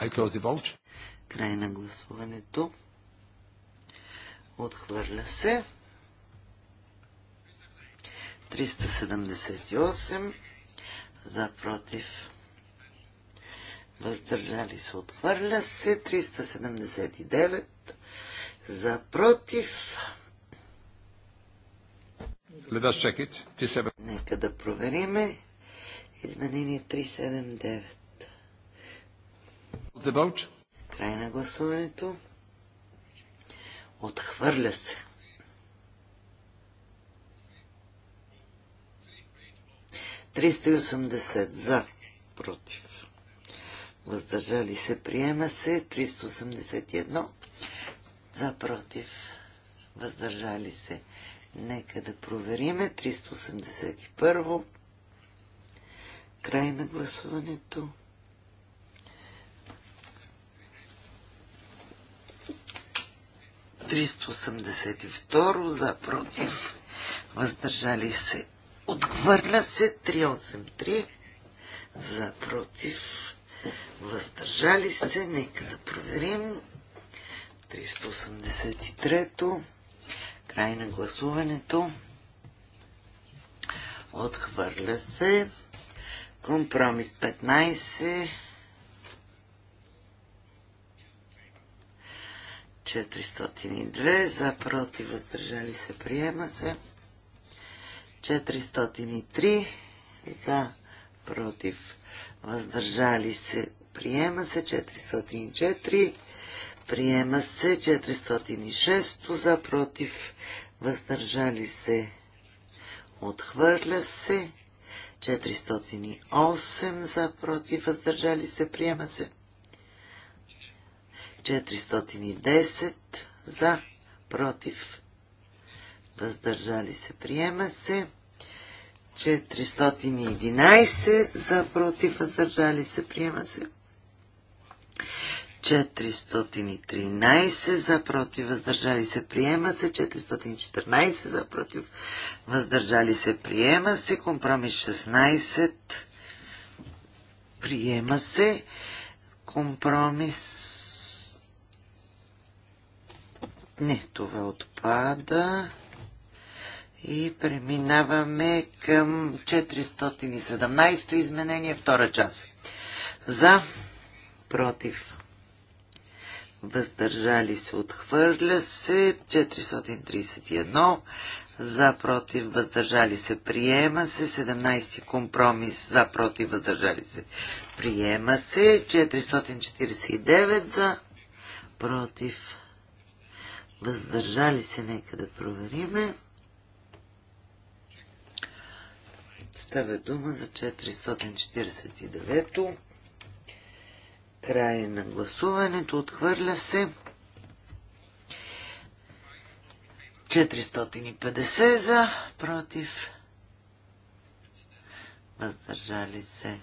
I close the vote. Край на гласуването. Отхвърля се. 378 за против. Въздържали се. Отхвърля се. 379 за против. Let us check it. Нека да провериме. Изменение 379. Край на гласуването. Отхвърля се. Триста за. Против. Въздържали се. Приема се. 381 за. Против. Въздържали се. Нека да провериме. 381. Край на гласуването. 382 за против. Въздържали се. Отхвърля се 383 за против. Въздържали се. Нека да проверим. 383 Край на гласуването. Отхвърля се. Компромис 15 402 за против въздържали се приема се 403 за против въздържали се приема се 404 приема се 406 за против въздържали се отхвърля се 408 за против въздържали се приема се 410 за, против, въздържали се, приема се. 411 за, против, въздържали се, приема се. 413 за против въздържали се приема се, 414 за против въздържали се приема се, компромис 16 приема се, компромис не, това отпада. И преминаваме към 417 изменение, втора част. За, против, въздържали се, отхвърля се, 431, за, против, въздържали се, приема се, 17 компромис, за, против, въздържали се, приема се, 449 за, против, въздържали се, нека да провериме. Става дума за 449-то. Край на гласуването. Отхвърля се. 450 за, против. Въздържали се.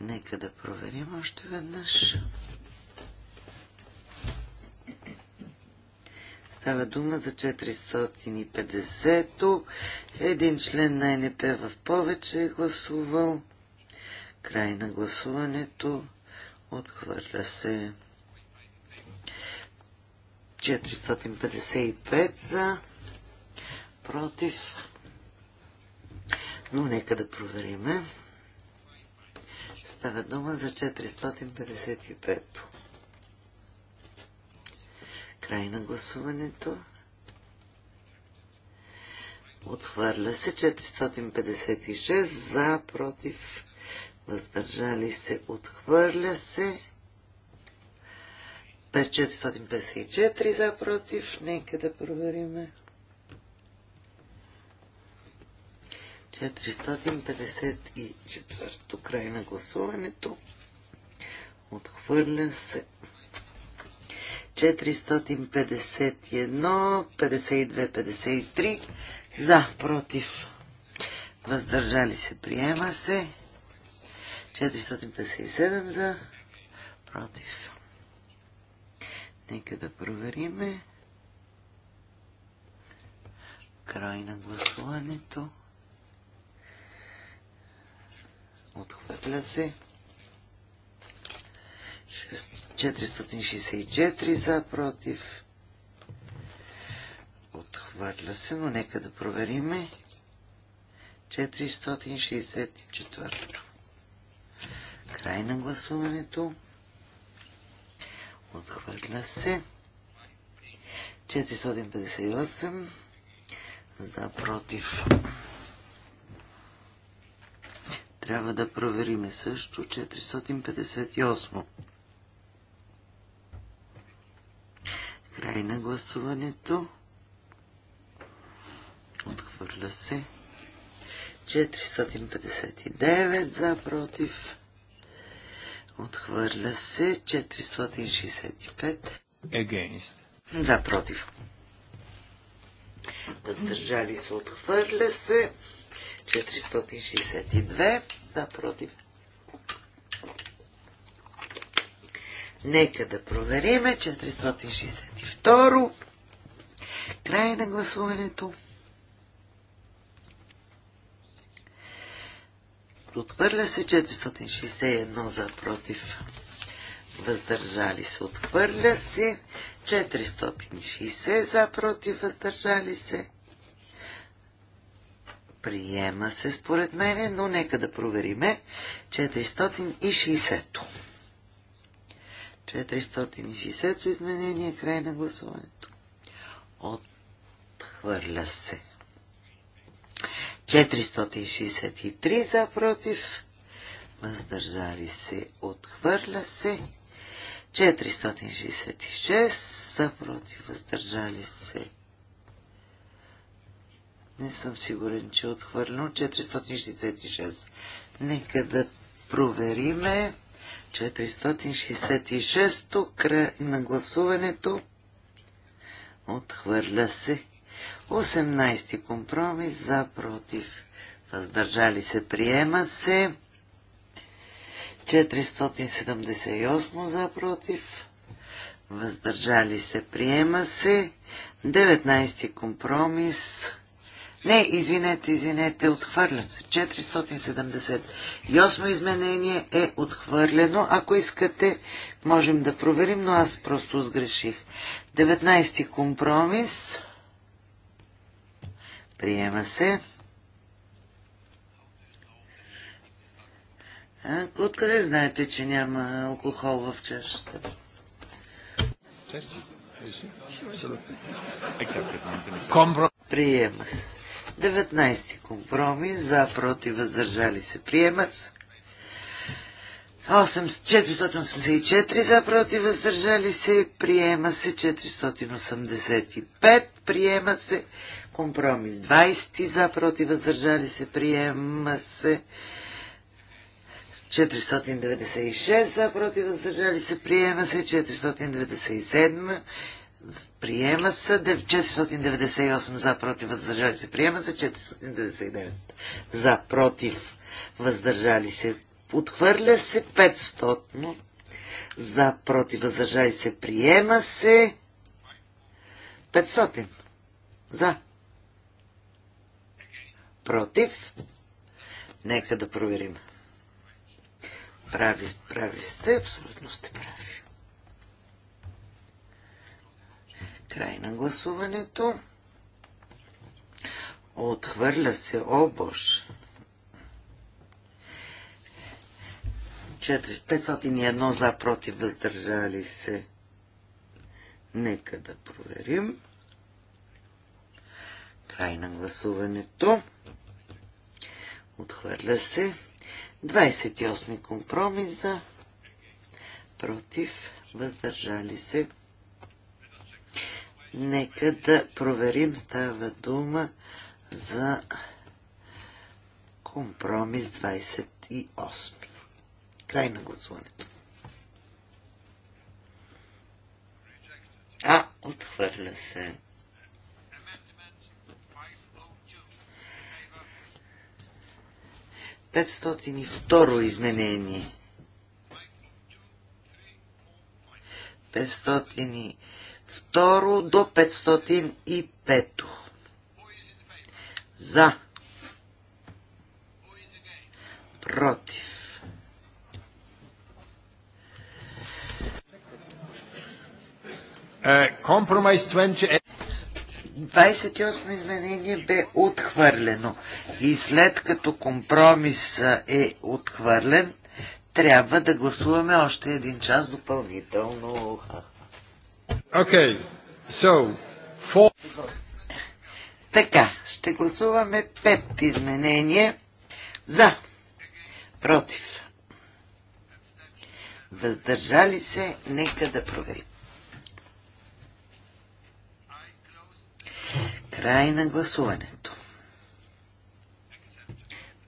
Нека да проверим още веднъж. Става дума за 450-то. Един член на НП в повече е гласувал. Край на гласуването. Отхвърля се 455 за против. Но нека да провериме. Става дума за 455. Край на гласуването. Отхвърля се 456 за, против, въздържали се, отхвърля се. 454 за, против, нека да провериме. 454 край на гласуването. Отхвърля се 451, 52, 53. За, против. Въздържали се. Приема се. 457 за. Против. Нека да провериме. Край на гласуването. Отхвърля се. 6 464 за, против. Отхвърля се, но нека да провериме. 464. Край на гласуването. Отхвърля се. 458 за против. Трябва да провериме също 458. Край на гласуването. Отхвърля се. 459 за против. Отхвърля се. 465. Against. За против. Въздържали се. Отхвърля се. 462 за против. Нека да провериме. 462. Край на гласуването. Отхвърля се 461 за против. Въздържали се. Отхвърля се 460 за против. Въздържали се. Приема се според мене, но нека да провериме 460-то. 460 изменение, край на гласуването. Отхвърля се. 463 за против. Въздържали се. Отхвърля се. 466 за против. Въздържали се. Не съм сигурен, че е отхвърлено. 466. Нека да провериме. 466-то, край на гласуването. Отхвърля се. 18-ти компромис за против. Въздържали се, приема се. 478 за против. Въздържали се, приема се. 19-ти компромис не, извинете, извинете, отхвърля се. 478 изменение е отхвърлено. Ако искате, можем да проверим, но аз просто сгреших. 19 компромис. Приема се. Откъде знаете, че няма алкохол в чашата? Е, Приема се. 19 компромис за против въздържали се приема с 484 за против въздържали се, приема се 485, приема се компромис 20 за против въздържали се, приема се 496 за против въздържали се, приема се 497 Приема се 498 за против въздържали се. Приема се 499 за против въздържали се. Отхвърля се 500 за против въздържали се. Приема се 500 за против. Нека да проверим. Прави, прави сте, абсолютно сте прави. Край на гласуването. Отхвърля се. обош. 501 за против въздържали се. Нека да проверим. Край на гласуването. Отхвърля се. 28 компромиса. Против. Въздържали се. Нека да проверим. Става дума за компромис 28. Край на гласуването. А, отхвърля се. Петстотин и второ изменение. Петстотин и Второ до 505. За. Против. Е, компромис 28 изменение бе отхвърлено и след като компромис е отхвърлен, трябва да гласуваме още един час допълнително. Okay. So, for... Така, ще гласуваме пет изменения за, против, въздържали се, нека да проверим. Край на гласуването.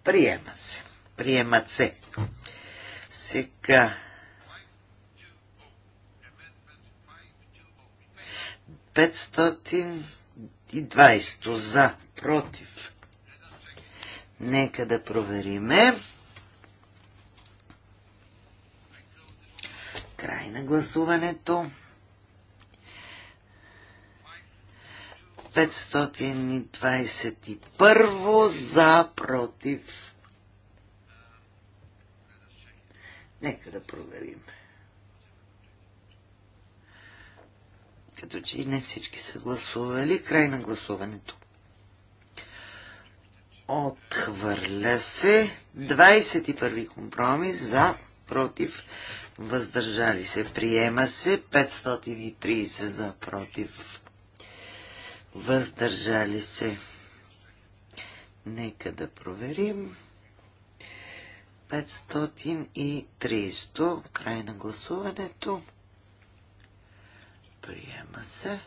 Приема се. Приемат се. Сега 520 за, против. Нека да провериме. Край на гласуването. 521 за, против. Нека да проверим. Като че и не всички са гласували. Край на гласуването. Отхвърля се. 21 компромис за, против, въздържали се. Приема се. 530 за, против, въздържали се. Нека да проверим. 530. Край на гласуването. Приема се.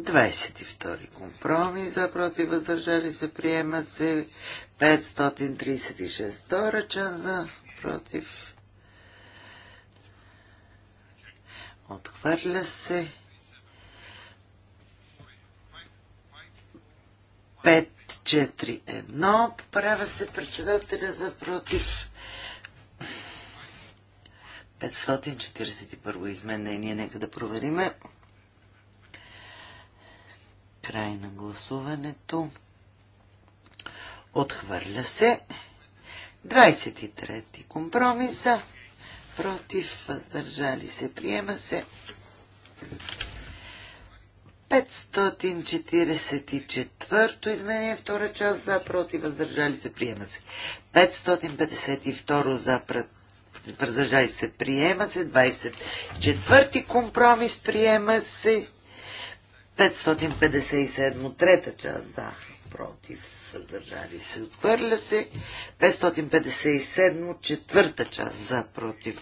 22 компромис за против въздържали се. Приема се. 536 втора за против. Отхвърля се. 5-4-1. Поправя се председателя за против. 541 изменение. Нека да провериме. Край на гласуването. Отхвърля се. 23-ти компромиса. Против, въздържали се, приема се. 544 то изменение, втора част за, против, въздържали се, приема се. 552 за, пред въздържали се, приема се. 24 ти компромис, приема се. 557 трета част за, против, въздържали се, отхвърля се. 557 четвърта част за, против,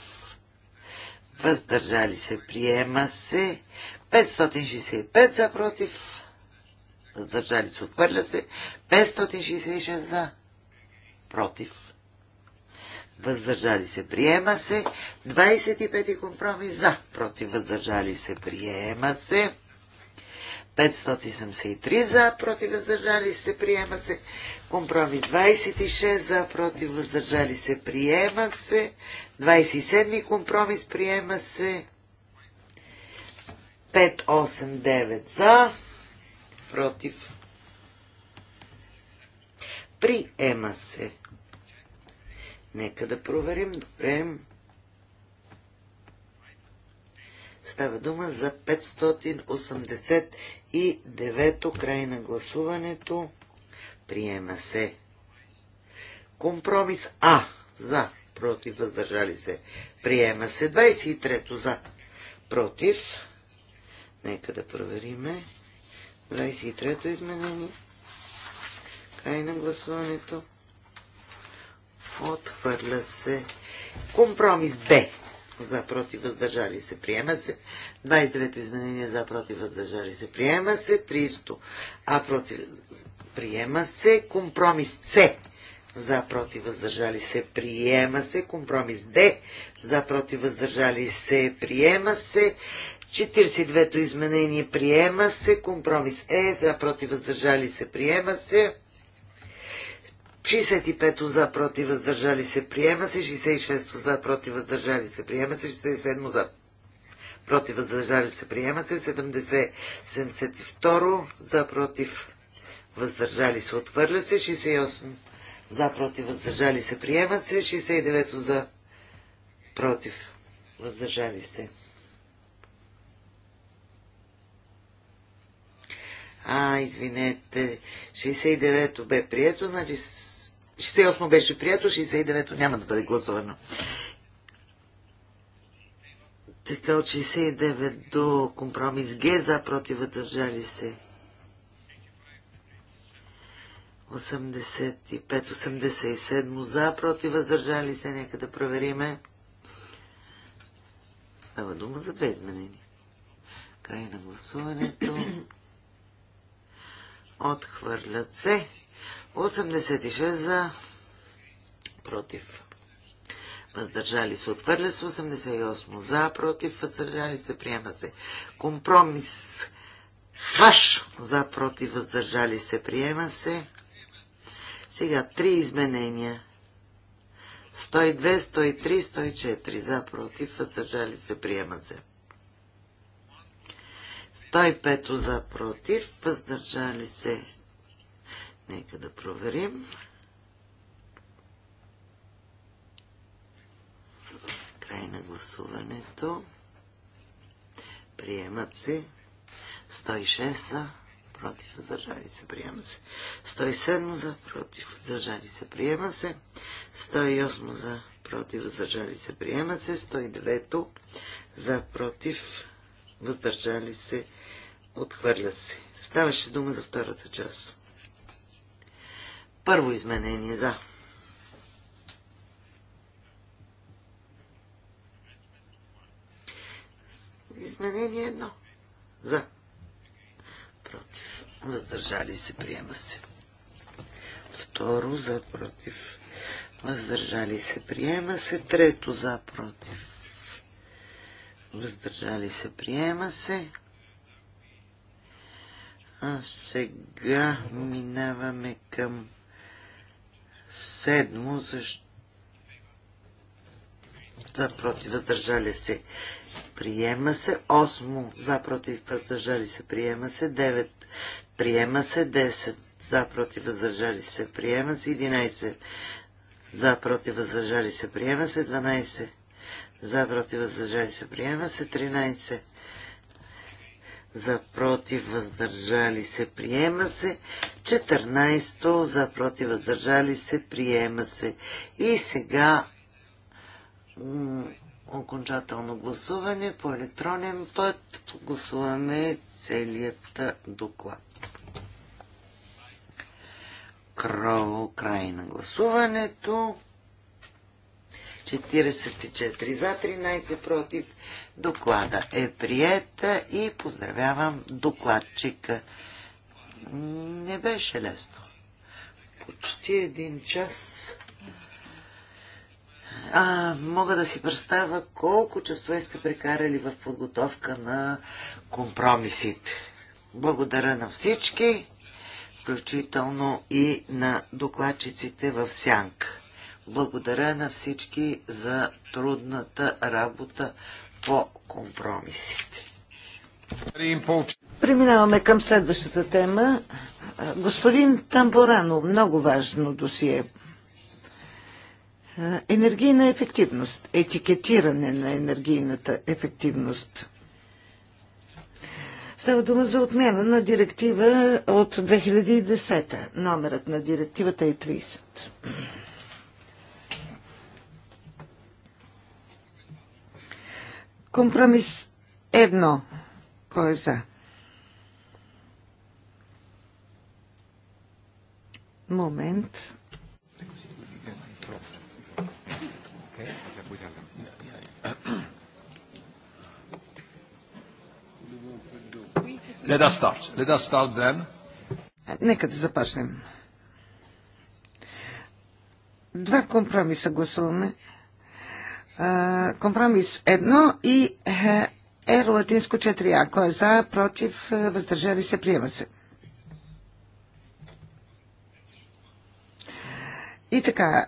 въздържали се, приема се. 565 за, против, въздържали се, отхвърля се. 566 за, против, въздържали се, приема се. 25 компромис за, против, въздържали се, приема се. 573 за, против, въздържали се, приема се. Компромис 26 за, против, въздържали се, приема се. 27 компромис, приема се. 589 за, против. Приема се. Нека да проверим. Добре. Става дума за 589 то край на гласуването. Приема се. Компромис А. За. Против. Въздържали се. Приема се. 23-то. За. Против. Нека да провериме. 23-то изменение. Край на гласуването. Отхвърля се. Компромис Б. За против въздържали се. Приема се. 29-то изменение за против въздържали се. Приема се. 300. А против приема се. Компромис С. За против въздържали се. Приема се. Компромис Д. За против въздържали се. Приема се. 42-то изменение приема се. Компромис Е. За против въздържали се. Приема се. 65 за против въздържали се приема се, 66 за против въздържали се приема се, 67 за против въздържали се приема се, 70 72 за против въздържали се отвърля се, 68 за против въздържали се приема се, 69 за против въздържали се. А, извинете, 69-то бе прието, значи 68 беше прието, 69-то няма да бъде гласувано. Така от 69 до компромис Г за против въздържали се. 85-87 за против въздържали се. Нека да провериме. Става дума за две изменения. Край на гласуването. Отхвърлят се. 86 за против. Въздържали се отвърля се 88 за против. Въздържали се приема се. Компромис хаш за против. Въздържали се приема се. Сега три изменения. 102, 103, 104 за против. Въздържали се приема се. 105 за против. Въздържали се Нека да проверим. Край на гласуването. Приемат се 106 за против, задържали се, приема се. 107 за, против, задържали се, приема се. 108 за, против, задържали се, приема се. 109 за, против, въздържали се, отхвърля се. Ставаше дума за втората част. Първо изменение за. Изменение едно. За. Против. Въздържали се. Приема се. Второ. За. Против. Въздържали се. Приема се. Трето. За. Против. Въздържали се. Приема се. А сега минаваме към Седмо, защо за против въздържали се приема се. 8 за против въздържали се приема се. 9 приема се. 10 за против въздържали се приема се. 11 за против въздържали се приема се. 12 за против въздържали се приема се. 13 за против въздържали се приема се, 14 за против въздържали се приема се. И сега окончателно гласуване по електронен път. Гласуваме целият доклад. Крово край на гласуването. 44 за, 13 против, Доклада е прият и поздравявам докладчика. Не беше лесно. Почти един час. А, мога да си представя колко часове сте прекарали в подготовка на компромисите. Благодаря на всички, включително и на докладчиците в Сянка. Благодаря на всички за трудната работа по компромисите. Преминаваме към следващата тема. Господин Тамборано, много важно досие. Енергийна ефективност. Етикетиране на енергийната ефективност. Става дума за отмяна на директива от 2010. Номерът на директивата е 30. Компромис едно. Кой е за? Момент. Let us start. Let us start then. Нека да започнем. Два компромиса гласуваме компромис 1 и е латинско 4а. Кой е за, против, е, въздържали се, приема се. И така,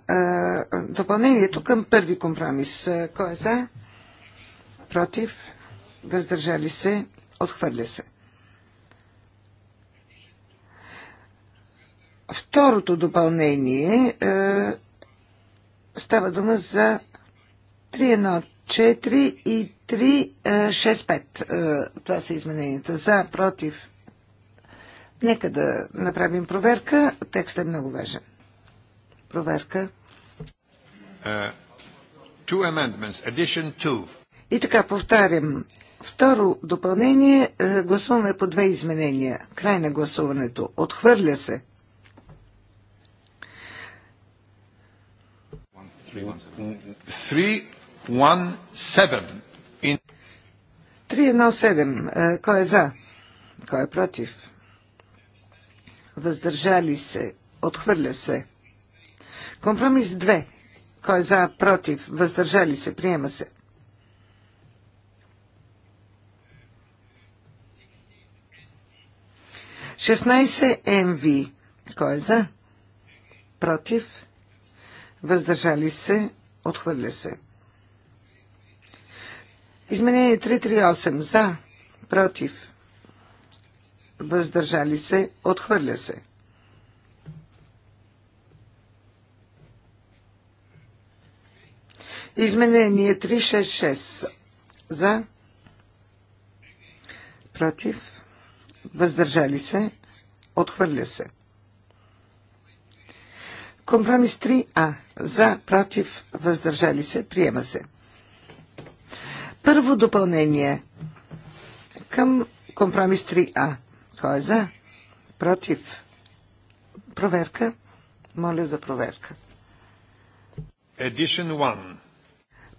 допълнението към първи компромис. Кой е за, против, въздържали се, отхвърля се. Второто допълнение става дума за 3-1-4 и 3-6-5. Е, е, това са измененията. За, против. Нека да направим проверка. Текстът е много важен. Проверка. Е, two amendments. Addition two. И така, повтарям. Второ допълнение. Гласуваме по две изменения. Край на гласуването. Отхвърля се. 317. 317. 1, 7, Кой е за? Кой е против? Въздържали се. Отхвърля се. Компромис 2. Кой е за? Против? Въздържали се. Приема се. 16 МВ. Кой е за? Против? Въздържали се? Отхвърля се. Изменение 338 за, против, въздържали се, отхвърля се. Изменение 366 за, против, въздържали се, отхвърля се. Компромис 3А за, против, въздържали се, приема се. Първо допълнение към компромис 3А. Кой е за? Против. Проверка. Моля за проверка. Edition 1.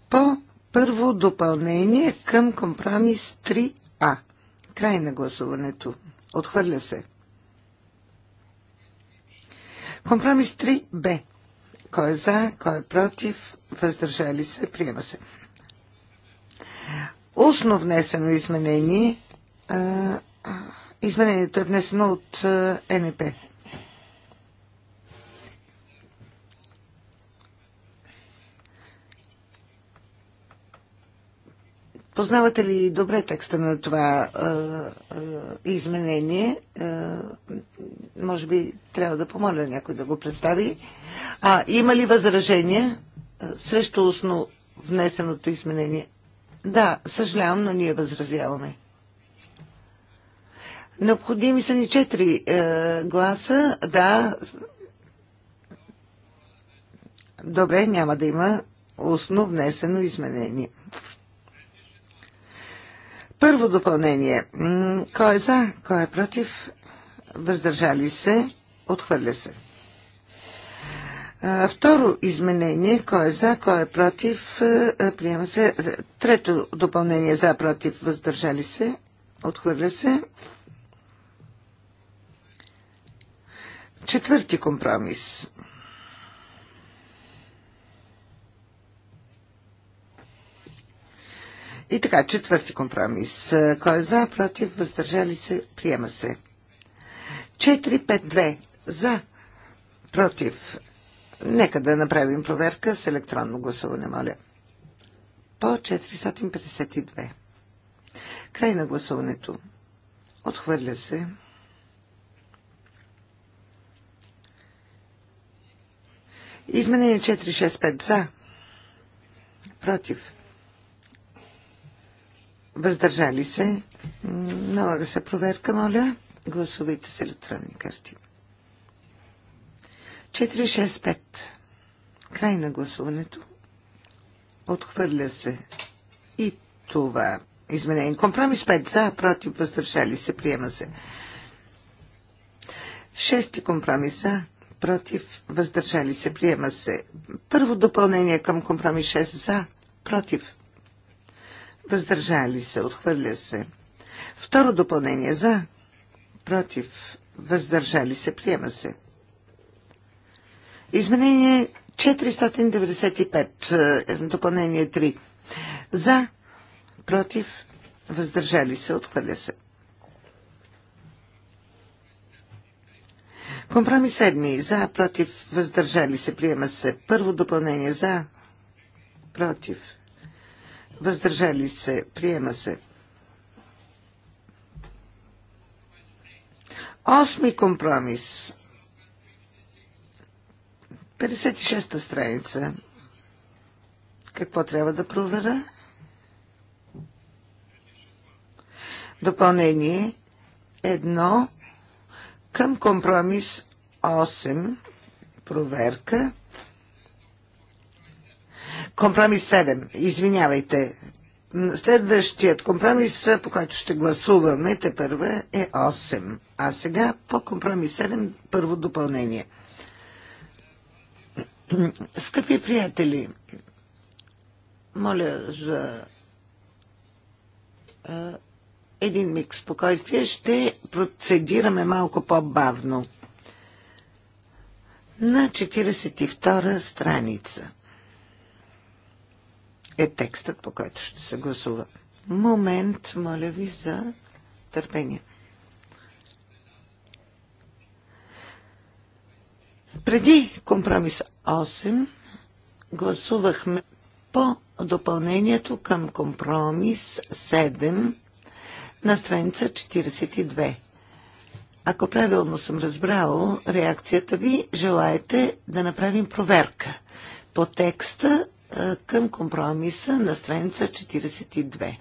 По първо допълнение към компромис 3А. Край на гласуването. Отхвърля се. Компромис 3Б. Кой е за, кой е против, въздържали се, приема се устно внесено изменение. Изменението е внесено от НП. Познавате ли добре текста на това изменение? може би трябва да помоля някой да го представи. А, има ли възражение срещу устно внесеното изменение? Да, съжалявам, но ние възразяваме. Необходими са ни четири е, гласа. Да. Добре, няма да има устно внесено изменение. Първо допълнение. Кой е за, кой е против? Въздържали се? Отхвърля се. Второ изменение, кой е за, кой е против, приема се. Трето допълнение за, против, въздържали се, отхвърля се. Четвърти компромис. И така, четвърти компромис. Кой е за, против, въздържали се, приема се. 4-5-2. За, против, Нека да направим проверка с електронно гласуване, моля. По 452. Край на гласуването. Отхвърля се. Изменение 465 за. Против. Въздържали се. Налага се проверка, моля. Гласувайте с електронни карти. 465. Край на гласуването. Отхвърля се. И това изменение. Компромис 5 за, против, въздържали се, приема се. Шести компромис за, против, въздържали се, приема се. Първо допълнение към компромис 6 за, против, въздържали се, отхвърля се. Второ допълнение за, против, въздържали се, приема се. Изменение 495, е, допълнение 3. За, против, въздържали се, отхвърля се. Компромис 7. За, против, въздържали се, приема се. Първо допълнение за, против, въздържали се, приема се. Осми компромис. 56-та страница. Какво трябва да проверя? Допълнение 1 към компромис 8. Проверка. Компромис 7. Извинявайте. Следващият компромис, по който ще гласуваме, те първа е 8. А сега по компромис 7 първо допълнение. Скъпи приятели, моля за един миг спокойствие. Ще процедираме малко по-бавно. На 42-а страница е текстът, по който ще се гласува. Момент, моля ви за търпение. Преди компромис 8 гласувахме по допълнението към компромис 7 на страница 42. Ако правилно съм разбрал реакцията ви, желаете да направим проверка по текста към компромиса на страница 42.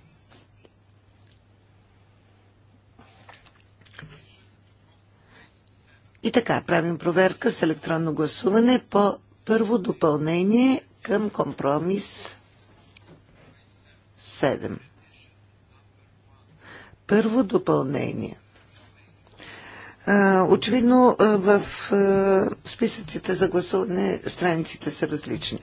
И така, правим проверка с електронно гласуване по първо допълнение към компромис 7. Първо допълнение. Очевидно в списъците за гласуване страниците са различни.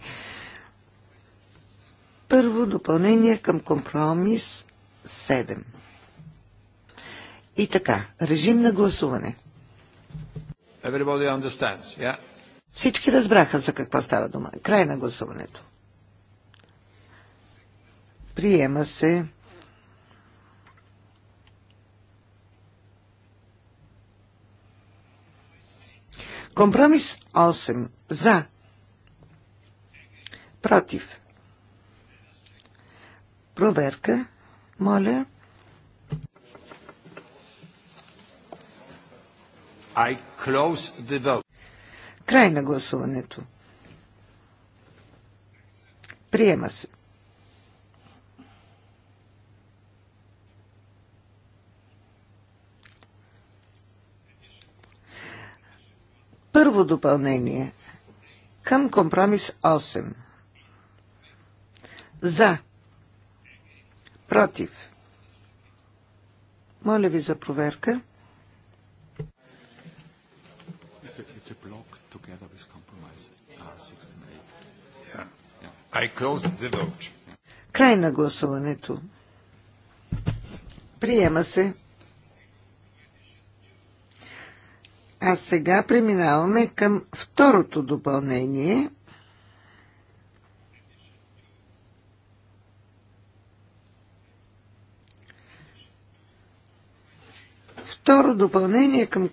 Първо допълнение към компромис 7. И така, режим на гласуване. Everybody understands, yeah? Всички разбраха за какво става дума. Край на гласуването. Приема се. Компромис 8. За. Против. Проверка. Моля. I close the vote. Край на гласуването. Приема се. Първо допълнение към компромис 8. За. Против. Моля ви за проверка. It's a, it's a block together with compromise R6 and 8. Yeah. I close the vote. Край на гласуването. Приема се. А сега преминаваме към второто допълнение. Второ допълнение към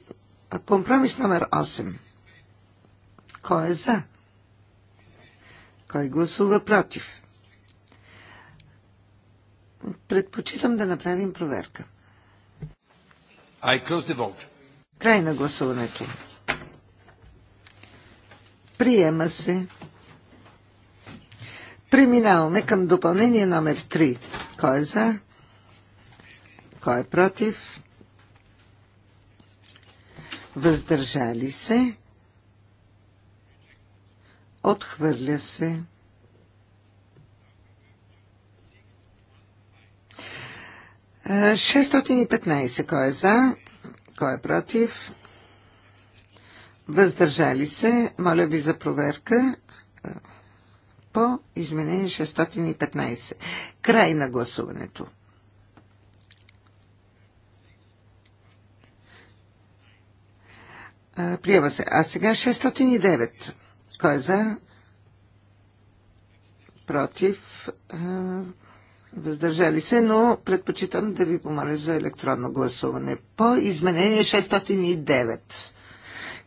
Компромис номер 8. Кой е за? Кой гласува против? Предпочитам да направим проверка. I close the vote. Край на гласуването. Приема се. Преминаваме към допълнение номер 3. Кой е за? Кой е против? въздържали се, отхвърля се. А, 615. Кой е за? Кой е против? Въздържали се. Моля ви за проверка по изменение 615. Край на гласуването. Приема се. А сега 609. Кой е за? Против. Въздържали се, но предпочитам да ви помоля за електронно гласуване. По изменение 609.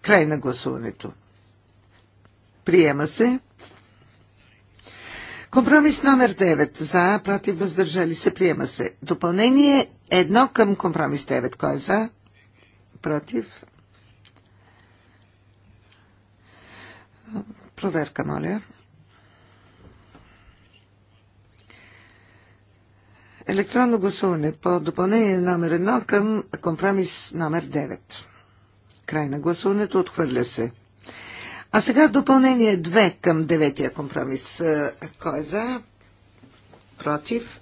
Край на гласуването. Приема се. Компромис номер 9. За, против, въздържали се, приема се. Допълнение 1 към компромис 9. Кой е за? Против, Проверка, моля. Електронно гласуване по допълнение номер 1 към компромис номер 9. Край на гласуването отхвърля се. А сега допълнение 2 към 9-я компромис. Е, кой е за? Против?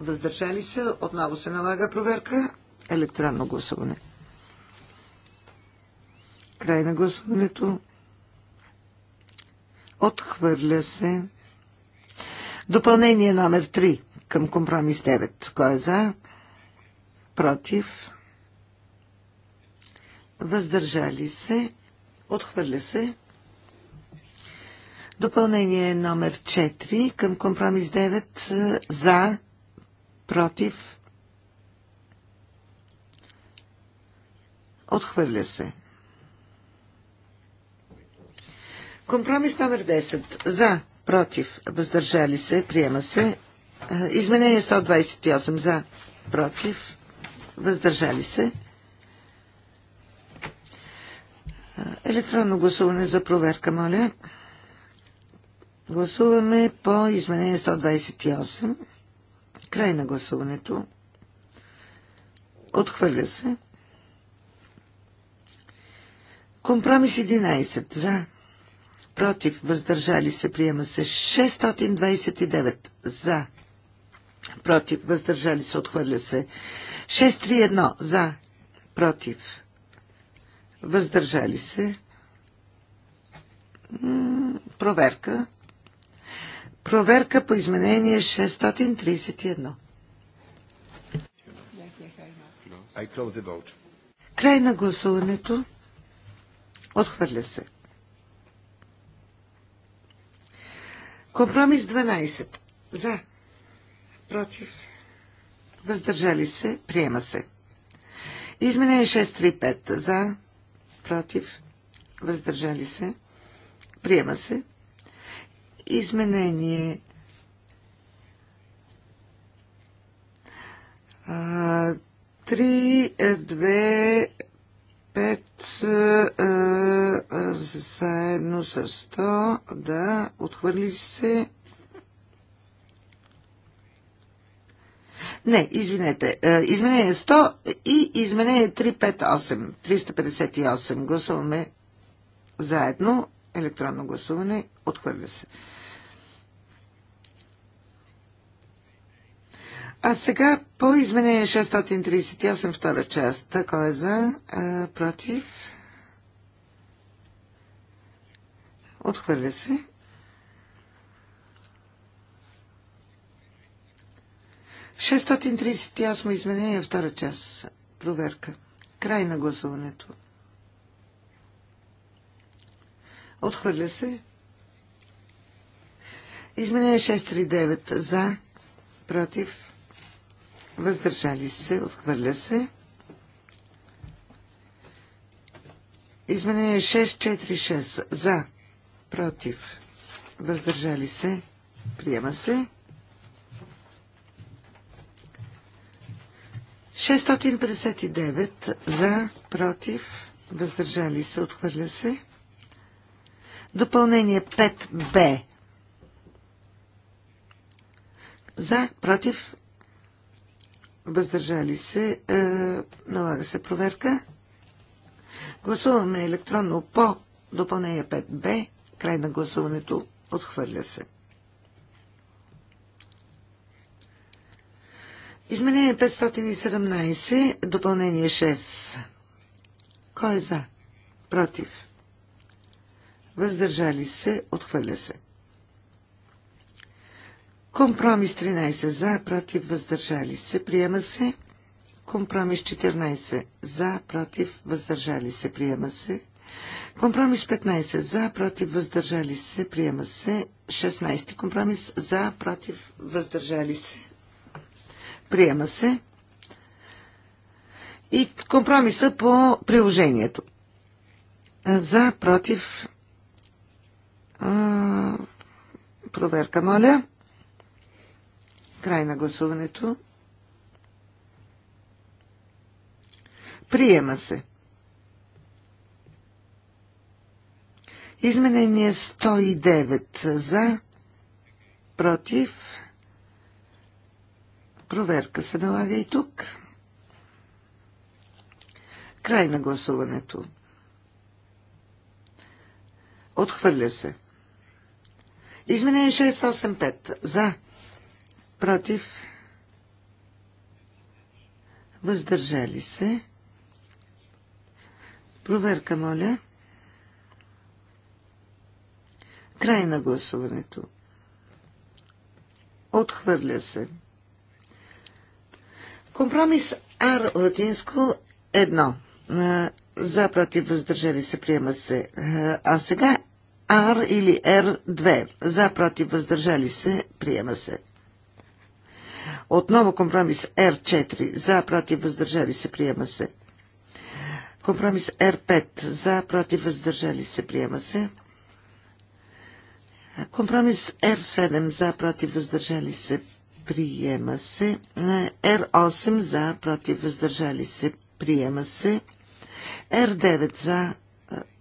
Въздържали се? Отново се налага проверка. Електронно гласуване. Край на гласуването. Отхвърля се. Допълнение номер 3 към компромис 9. Кой е за? Против? Въздържали се? Отхвърля се. Допълнение номер 4 към компромис 9. За? Против? Отхвърля се. Компромис номер 10. За, против, въздържали се, приема се. Изменение 128 за, против, въздържали се. Електронно гласуване за проверка, моля. Гласуваме по изменение 128. Край на гласуването. Отхвърля се. Компромис 11 за против, въздържали се, приема се 629 за, против, въздържали се, отхвърля се 631 за, против, въздържали се. М проверка. Проверка по изменение 631. Край на гласуването. Отхвърля се. Компромис 12. За. Против. Въздържали се. Приема се. Изменение 635. За. Против. Въздържали се. Приема се. Изменение 3, 2, 105 е, е, заедно с 100, да, отхвърли се. Не, извинете. Е, изменение 100 и изменение 358. 358. Гласуваме заедно. Електронно гласуване. Отхвърля се. А сега по изменение 638 втора част. Кой е за? А, против? Отхвърля се. Шестотин изменение втора част. Проверка. Край на гласуването. Отхвърля се. Изменение 639 за, против, въздържали се, отхвърля се. Изменение 6, 4, 6. за, против, въздържали се, приема се. 659 за, против, въздържали се, отхвърля се. Допълнение 5Б. За, против, въздържали се, е, налага се проверка. Гласуваме електронно по допълнение 5Б, край на гласуването, отхвърля се. Изменение 517, допълнение 6. Кой е за? Против. Въздържали се, отхвърля се. Компромис 13 за, против, въздържали се, приема се. Компромис 14 за, против, въздържали се, приема се. Компромис 15 за, против, въздържали се, приема се. 16 компромис за, против, въздържали се, приема се. И компромиса по приложението. За, против, а, проверка, моля. Край на гласуването. Приема се. Изменение 109 за, против. Проверка се налага и тук. Край на гласуването. Отхвърля се. Изменение 685 за, против, въздържали се. Проверка, моля. Край на гласуването. Отхвърля се. Компромис Р латинско 1. За против въздържали се приема се. А сега R или R2. За против въздържали се приема се. Отново компромис R4 за, против, въздържали се, приема се. Компромис R5 за, против, въздържали се, приема се. Компромис R7 за, против, въздържали се, приема се. R8 за, против, въздържали се, приема се. R9 за,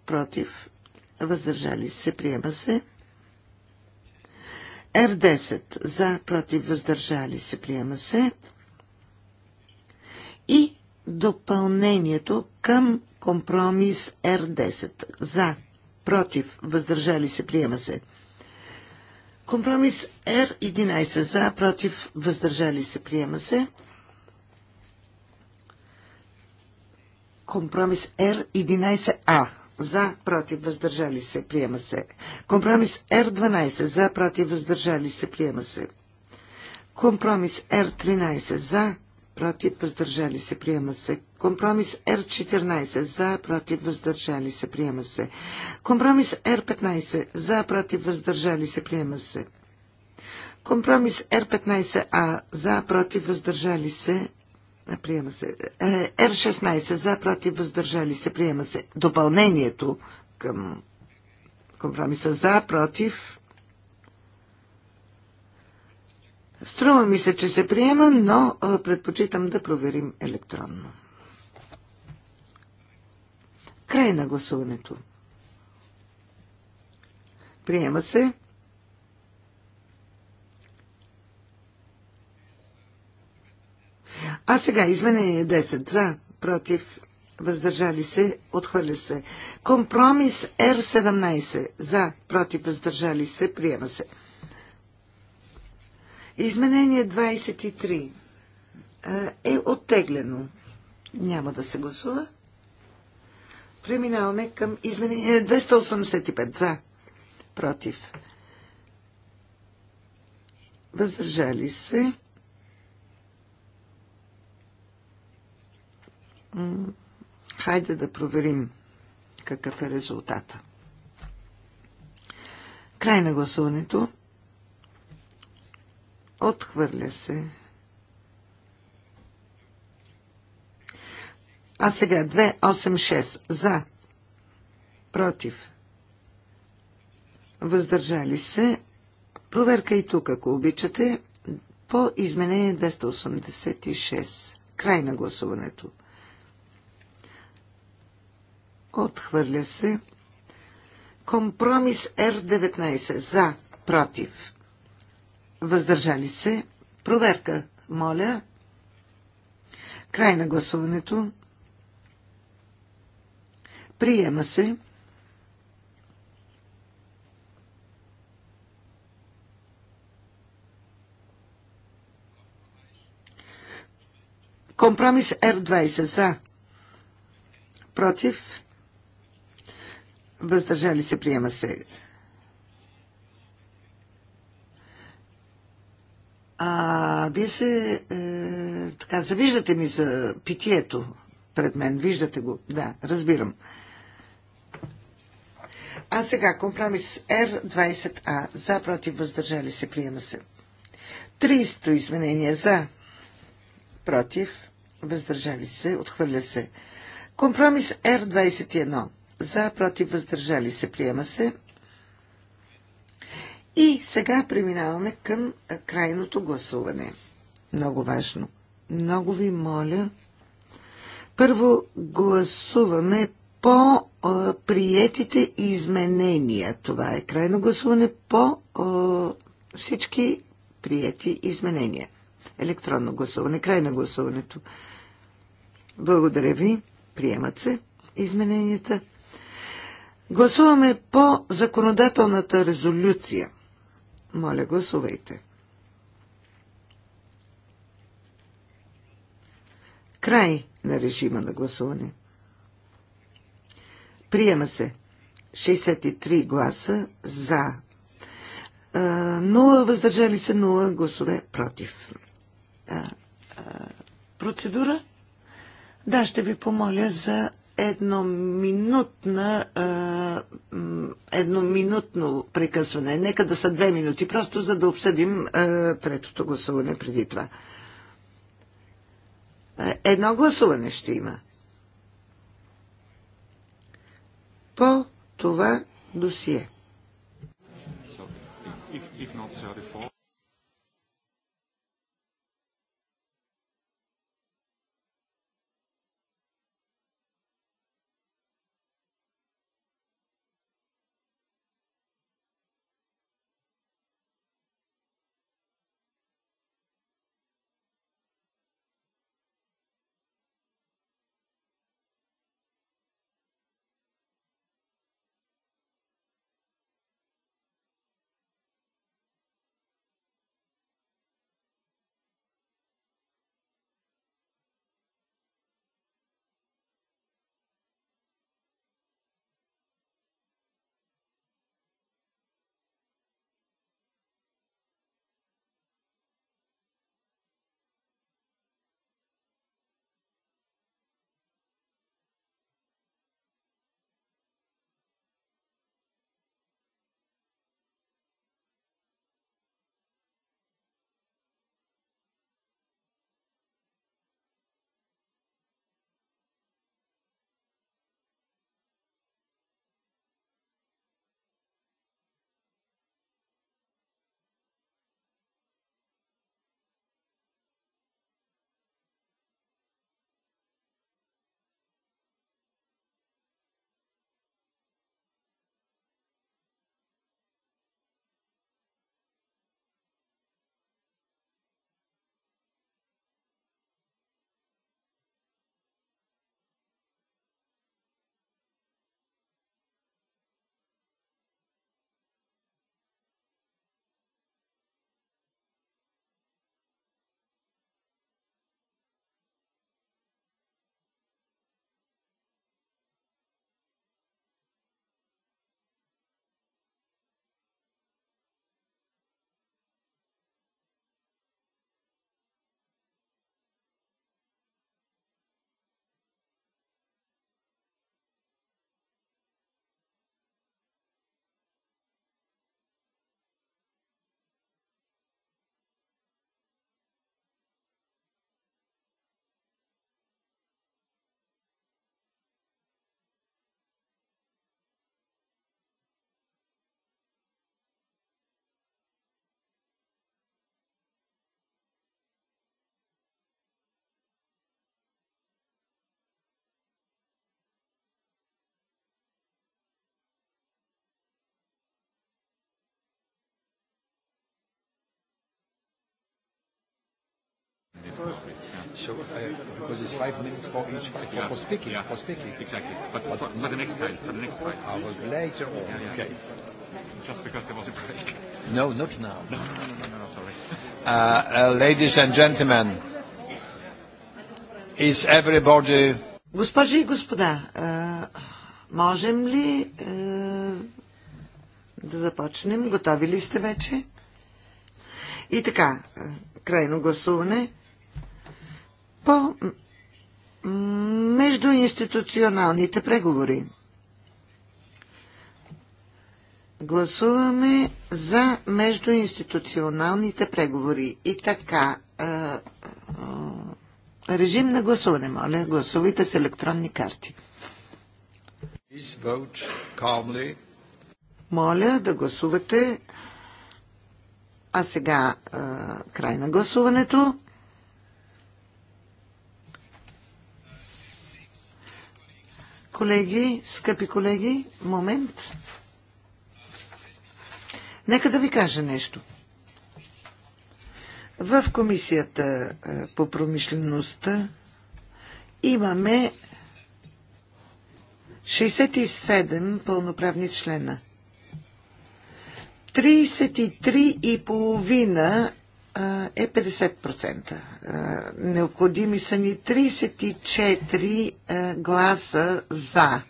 против, въздържали се, приема се. Р10 за против въздържали се приема се. И допълнението към компромис Р10 за против въздържали се приема се. Компромис Р11 за против въздържали се приема се. Компромис Р11А за, против, въздържали се, приема се. Компромис Р12 за, против, въздържали се, приема се. Компромис Р13 за, против, въздържали се, приема се. Компромис Р14 за, против, въздържали се, приема се. Компромис Р15 за, против, въздържали се, приема се. Компромис Р15А за, против, въздържали се, е, приема се. Р16 е, за, против, въздържали се. Приема се. Допълнението към компромиса за, против. Струва ми се, че се приема, но е, предпочитам да проверим електронно. Край на гласуването. Приема се. А сега изменение 10 за, против, въздържали се, отхвърля се. Компромис Р17 за, против, въздържали се, приема се. Изменение 23 е оттеглено. Няма да се гласува. Преминаваме към изменение 285 за, против. Въздържали се. хайде да проверим какъв е резултата. Край на гласуването. Отхвърля се. А сега 286 за, против, въздържали се. Проверка и тук, ако обичате, по изменение 286. Край на гласуването. Отхвърля се. Компромис Р19. За. Против. Въздържали се. Проверка. Моля. Край на гласуването. Приема се. Компромис Р20 за. Против въздържали се, приема се. А вие се, е, така, завиждате ми за питието пред мен. Виждате го. Да, разбирам. А сега компромис R20A. За, против, въздържали се, приема се. 300 изменения за, против, въздържали се, отхвърля се. Компромис R21 за, против, въздържали се, приема се. И сега преминаваме към крайното гласуване. Много важно. Много ви моля. Първо гласуваме по а, приетите изменения. Това е крайно гласуване по а, всички приети изменения. Електронно гласуване, край на гласуването. Благодаря ви. Приемат се измененията. Гласуваме по законодателната резолюция. Моля, гласувайте. Край на режима на гласуване. Приема се 63 гласа за, 0 въздържали се, 0 гласове против. Процедура? Да, ще ви помоля за едноминутна, едноминутно прекъсване. Нека да са две минути, просто за да обсъдим третото гласуване преди това. Едно гласуване ще има. По това досие. If, if not So, uh, because it's five minutes for each for, yeah. for speaking. Yeah. For speaking. Exactly. But, but for, for the next time. For the next time. I was later on. Yeah, yeah. Okay. Just because there was a break. No, not now. No, no, no, no, no sorry. Uh, uh, ladies and gentlemen, is everybody? Госпожи и господа, можем ли да започнем? Готови ли сте вече? И така, крайно гласуване по междуинституционалните преговори. Гласуваме за междуинституционалните преговори. И така, режим на гласуване, моля, гласувайте с електронни карти. Моля да гласувате. А сега край на гласуването. Колеги, скъпи колеги, момент. Нека да ви кажа нещо. В комисията е, по промишлеността имаме 67 пълноправни члена. 33 и половина е 50%. Необходими са ни 34 гласа за.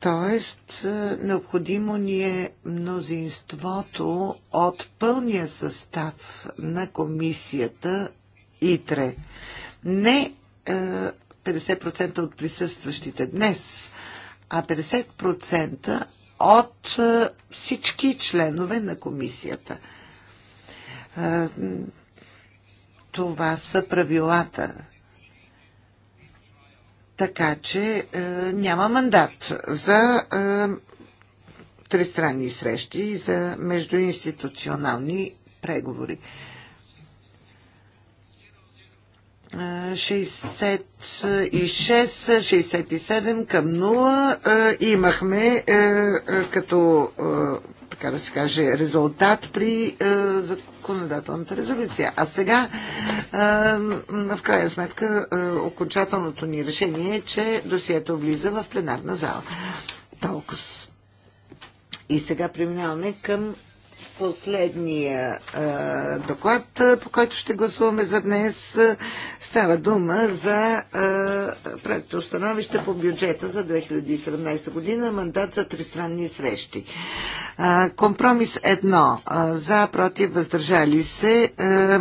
Тоест, необходимо ни е мнозинството от пълния състав на комисията ИТРЕ. Не 50% от присъстващите днес, а 50% от всички членове на комисията – това са правилата. Така че е, няма мандат за е, тристранни срещи и за междуинституционални преговори. 66, 67 към 0 имахме като така да се каже, резултат при е, законодателната резолюция. А сега, е, в крайна сметка, е, окончателното ни решение е, че досието влиза в пленарна зала. Толкова. И сега преминаваме към последния а, доклад, по който ще гласуваме за днес, става дума за установище по бюджета за 2017 година, мандат за тристранни срещи. А, компромис 1. А, за, против, въздържали се. А,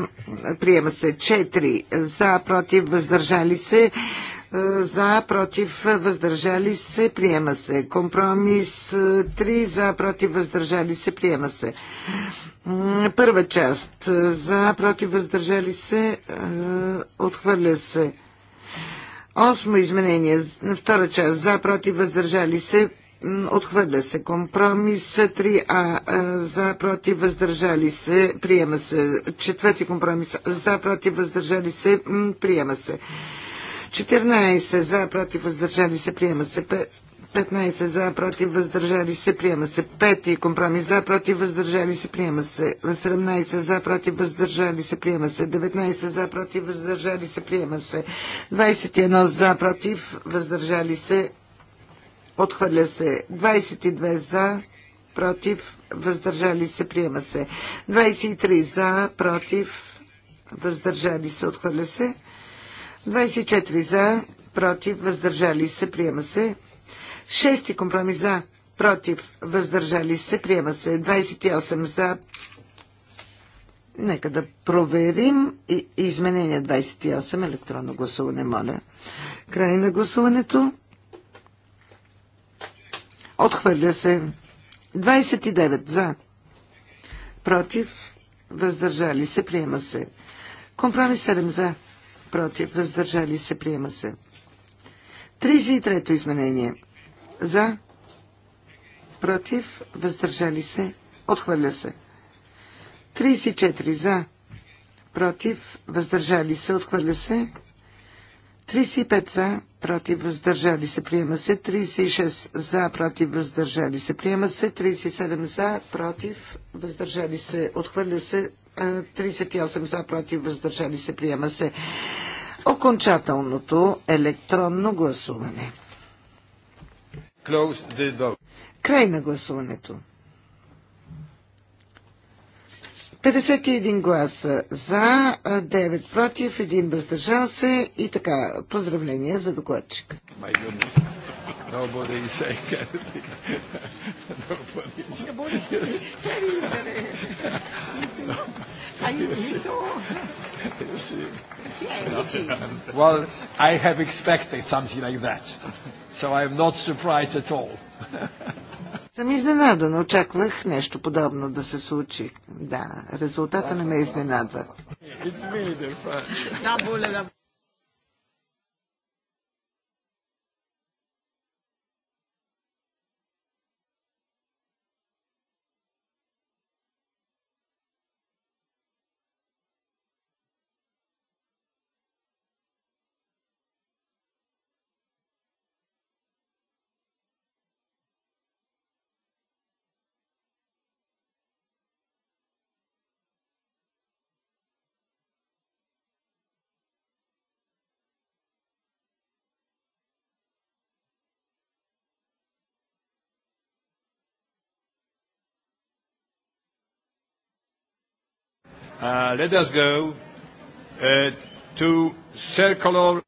приема се 4. За, против, въздържали се. А, за, против, въздържали се, приема се. Компромис 3 е, за, против, въздържали се, приема се. Първа част е, за, против, въздържали се, е, отхвърля се. Осмо изменение, втора част за, против, въздържали се, отхвърля се. Компромис 3А за, против, въздържали се, приема се. Четвърти компромис за, против, въздържали се, приема се. 14 за, против, въздържали се, приема се. 15 за, против, въздържали се, приема се. 5 компромис за, против, въздържали се, приема се. 17 за, против, въздържали се, приема се. 19 за, против, въздържали се, приема се. 21 за, против, въздържали се, отхвърля се. 22 за, против, въздържали се, приема се. 23 за, против, въздържали се, отхвърля се. 24 за, против, въздържали се, приема се. Шести компромис за, против, въздържали се, приема се. 28 за. Нека да проверим и изменение 28, електронно гласуване, моля. Край на гласуването. Отхвърля се. 29 за. Против. Въздържали се. Приема се. Компромис 7 за против, въздържали се, приема се. 33-то изменение. За, против, въздържали се, отхвърля се. 34 за, против, въздържали се, отхвърля се. 35 за, против, въздържали се, приема се. 36 за, против, въздържали се, приема се. 37 за, против, въздържали се, отхвърля се. 38 за, против, въздържали се, приема се. Окончателното електронно гласуване. Край на гласуването. 51 гласа за, 9 против, 1 въздържал се и така. Поздравления за докладчик. You see. Well, I have expected something like that, so I am not surprised at all. Съм изненадан. Очаквах нещо подобно да се случи. Да, резултата не ме изненадва. It's me, the Uh, let us go uh, to circular...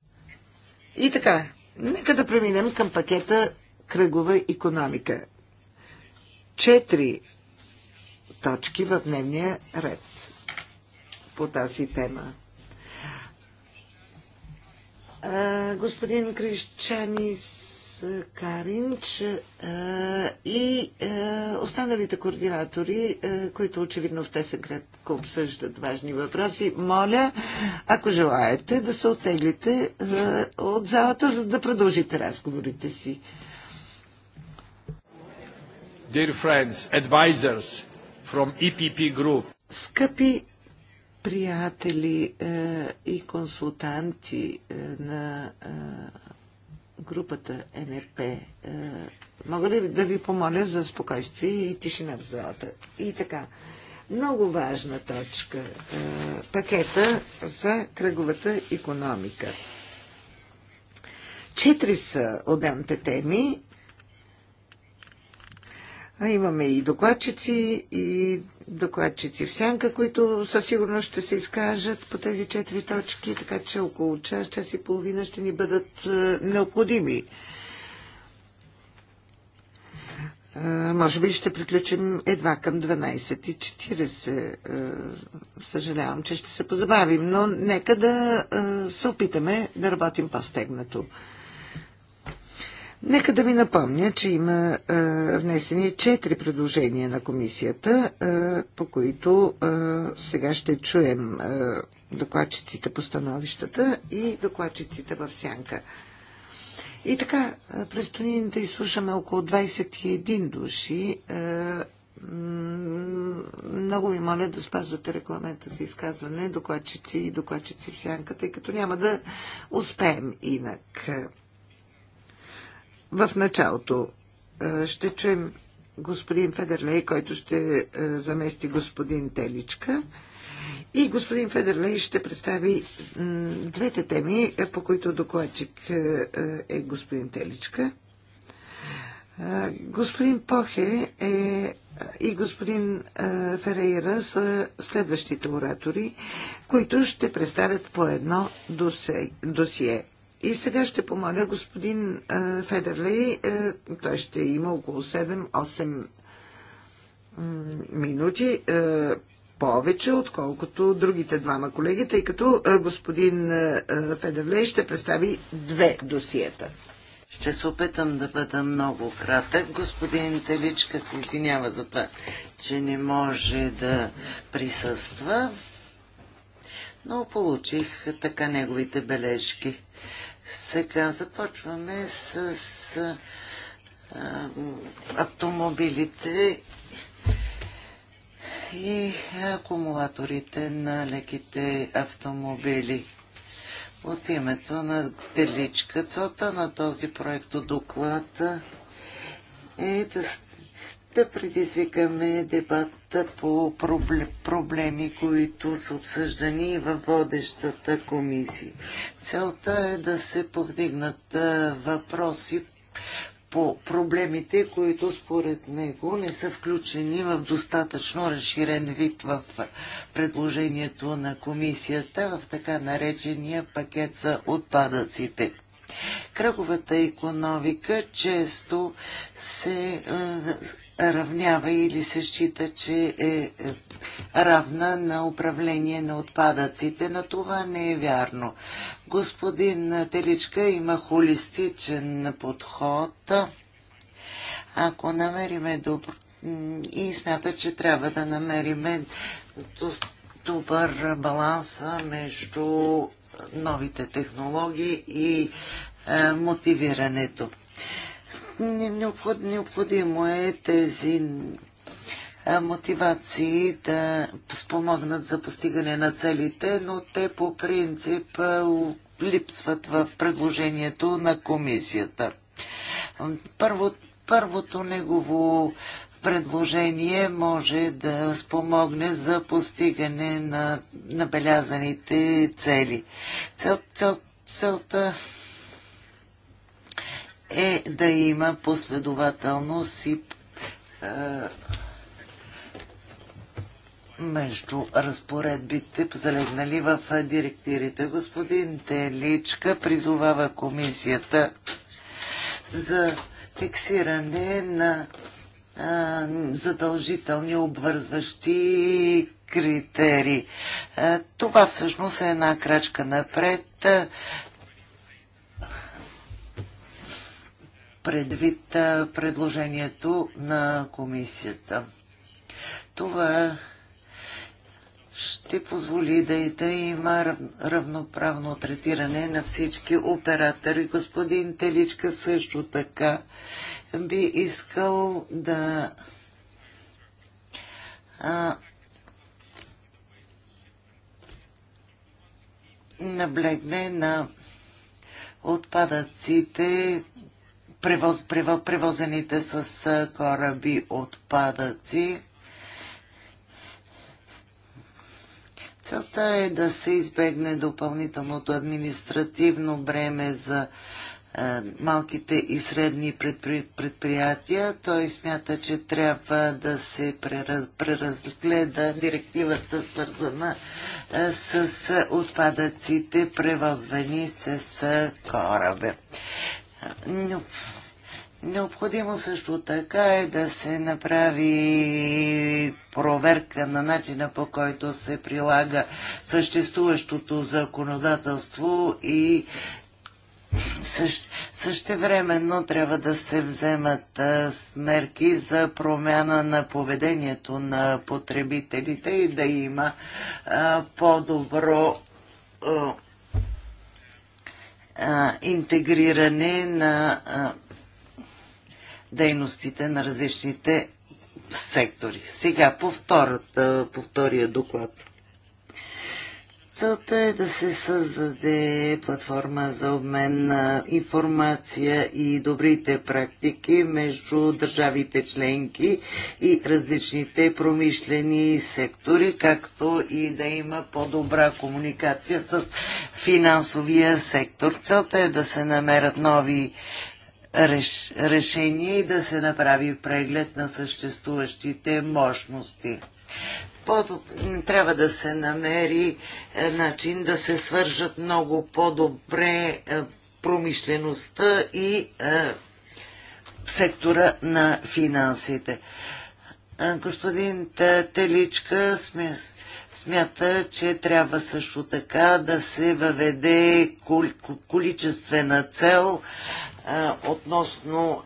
И така, нека да преминем към пакета кръгова економика. Четири точки в дневния ред по тази тема. А, господин Крещанис Каринч е, и е, останалите координатори, е, които очевидно в тези кратко обсъждат важни въпроси. Моля, ако желаете, да се отеглите от залата, за да продължите разговорите си. Dear friends, advisors from EPP Group. Скъпи приятели и консултанти на групата НРП. Е, мога ли да ви помоля за спокойствие и тишина в залата? И така. Много важна точка. Е, пакета за кръговата економика. Четири са отделните теми, а имаме и докладчици, и докладчици в сянка, които със сигурност ще се изкажат по тези четири точки, така че около час, час и половина ще ни бъдат е, необходими. Е, може би ще приключим едва към 12.40. Е, съжалявам, че ще се позабавим, но нека да се опитаме да работим по-стегнато. Нека да ви напомня, че има е, внесени четири предложения на комисията, е, по които е, сега ще чуем е, докладчиците по становищата и докладчиците в сянка. И така, е, предстои ни да изслушаме около 21 души. Е, много ви моля да спазвате регламента за изказване, докладчици и докладчици в сянка, тъй като няма да успеем инак. В началото е, ще чуем господин Федерлей, който ще е, замести господин Теличка. И господин Федерлей ще представи двете теми, е, по които докладчик е господин Теличка. Господин Похе е, и господин Ферейра са следващите оратори, които ще представят по едно досие. И сега ще помоля господин Федерли, той ще има около 7-8 минути повече, отколкото другите двама колеги, тъй като господин Федерлей ще представи две досиета. Ще се опитам да бъда много кратък. Господин Теличка се извинява за това, че не може да присъства, но получих така неговите бележки. Сега започваме с, а, автомобилите и акумулаторите на леките автомобили. От името на Теличка целта на този проект доклад е да да предизвикаме дебат по проблеми, които са обсъждани във водещата комисия. Целта е да се повдигнат въпроси по проблемите, които според него не са включени в достатъчно разширен вид в предложението на комисията в така наречения пакет за отпадъците. Кръговата економика често се равнява или се счита, че е, е равна на управление на отпадъците. На това не е вярно. Господин Теличка има холистичен подход. Ако намериме добро и смята, че трябва да намериме добър баланс между новите технологии и е, мотивирането. Необход, необходимо е тези мотивации да спомогнат за постигане на целите, но те по принцип липсват в предложението на комисията. Първо, първото негово предложение може да спомогне за постигане на набелязаните цели. Цел, цел, целта е да има последователност и е, между разпоредбите, залегнали в е, директирите. Господин Теличка призовава комисията за фиксиране на е, задължителни обвързващи критерии. Е, това всъщност е една крачка напред предвид предложението на комисията. Това ще позволи да, и да има равноправно третиране на всички оператори. Господин Теличка също така би искал да а, наблегне на отпадъците, превоз, превоз, превозените с кораби отпадъци. Целта е да се избегне допълнителното административно бреме за малките и средни предприятия. Той смята, че трябва да се преразгледа директивата, свързана с отпадъците, превозвани с корабе. Необходимо също така е да се направи проверка на начина по който се прилага съществуващото законодателство и също, същевременно трябва да се вземат мерки за промяна на поведението на потребителите и да има по-добро интегриране на дейностите на различните сектори. Сега по, втората, по втория доклад. Целта е да се създаде платформа за обмен на информация и добрите практики между държавите членки и различните промишлени сектори, както и да има по-добра комуникация с финансовия сектор. Целта е да се намерят нови реш, решения и да се направи преглед на съществуващите мощности трябва да се намери е, начин да се свържат много по-добре е, промишлеността и е, сектора на финансите. Господин Теличка смята, че трябва също така да се въведе количествена цел относно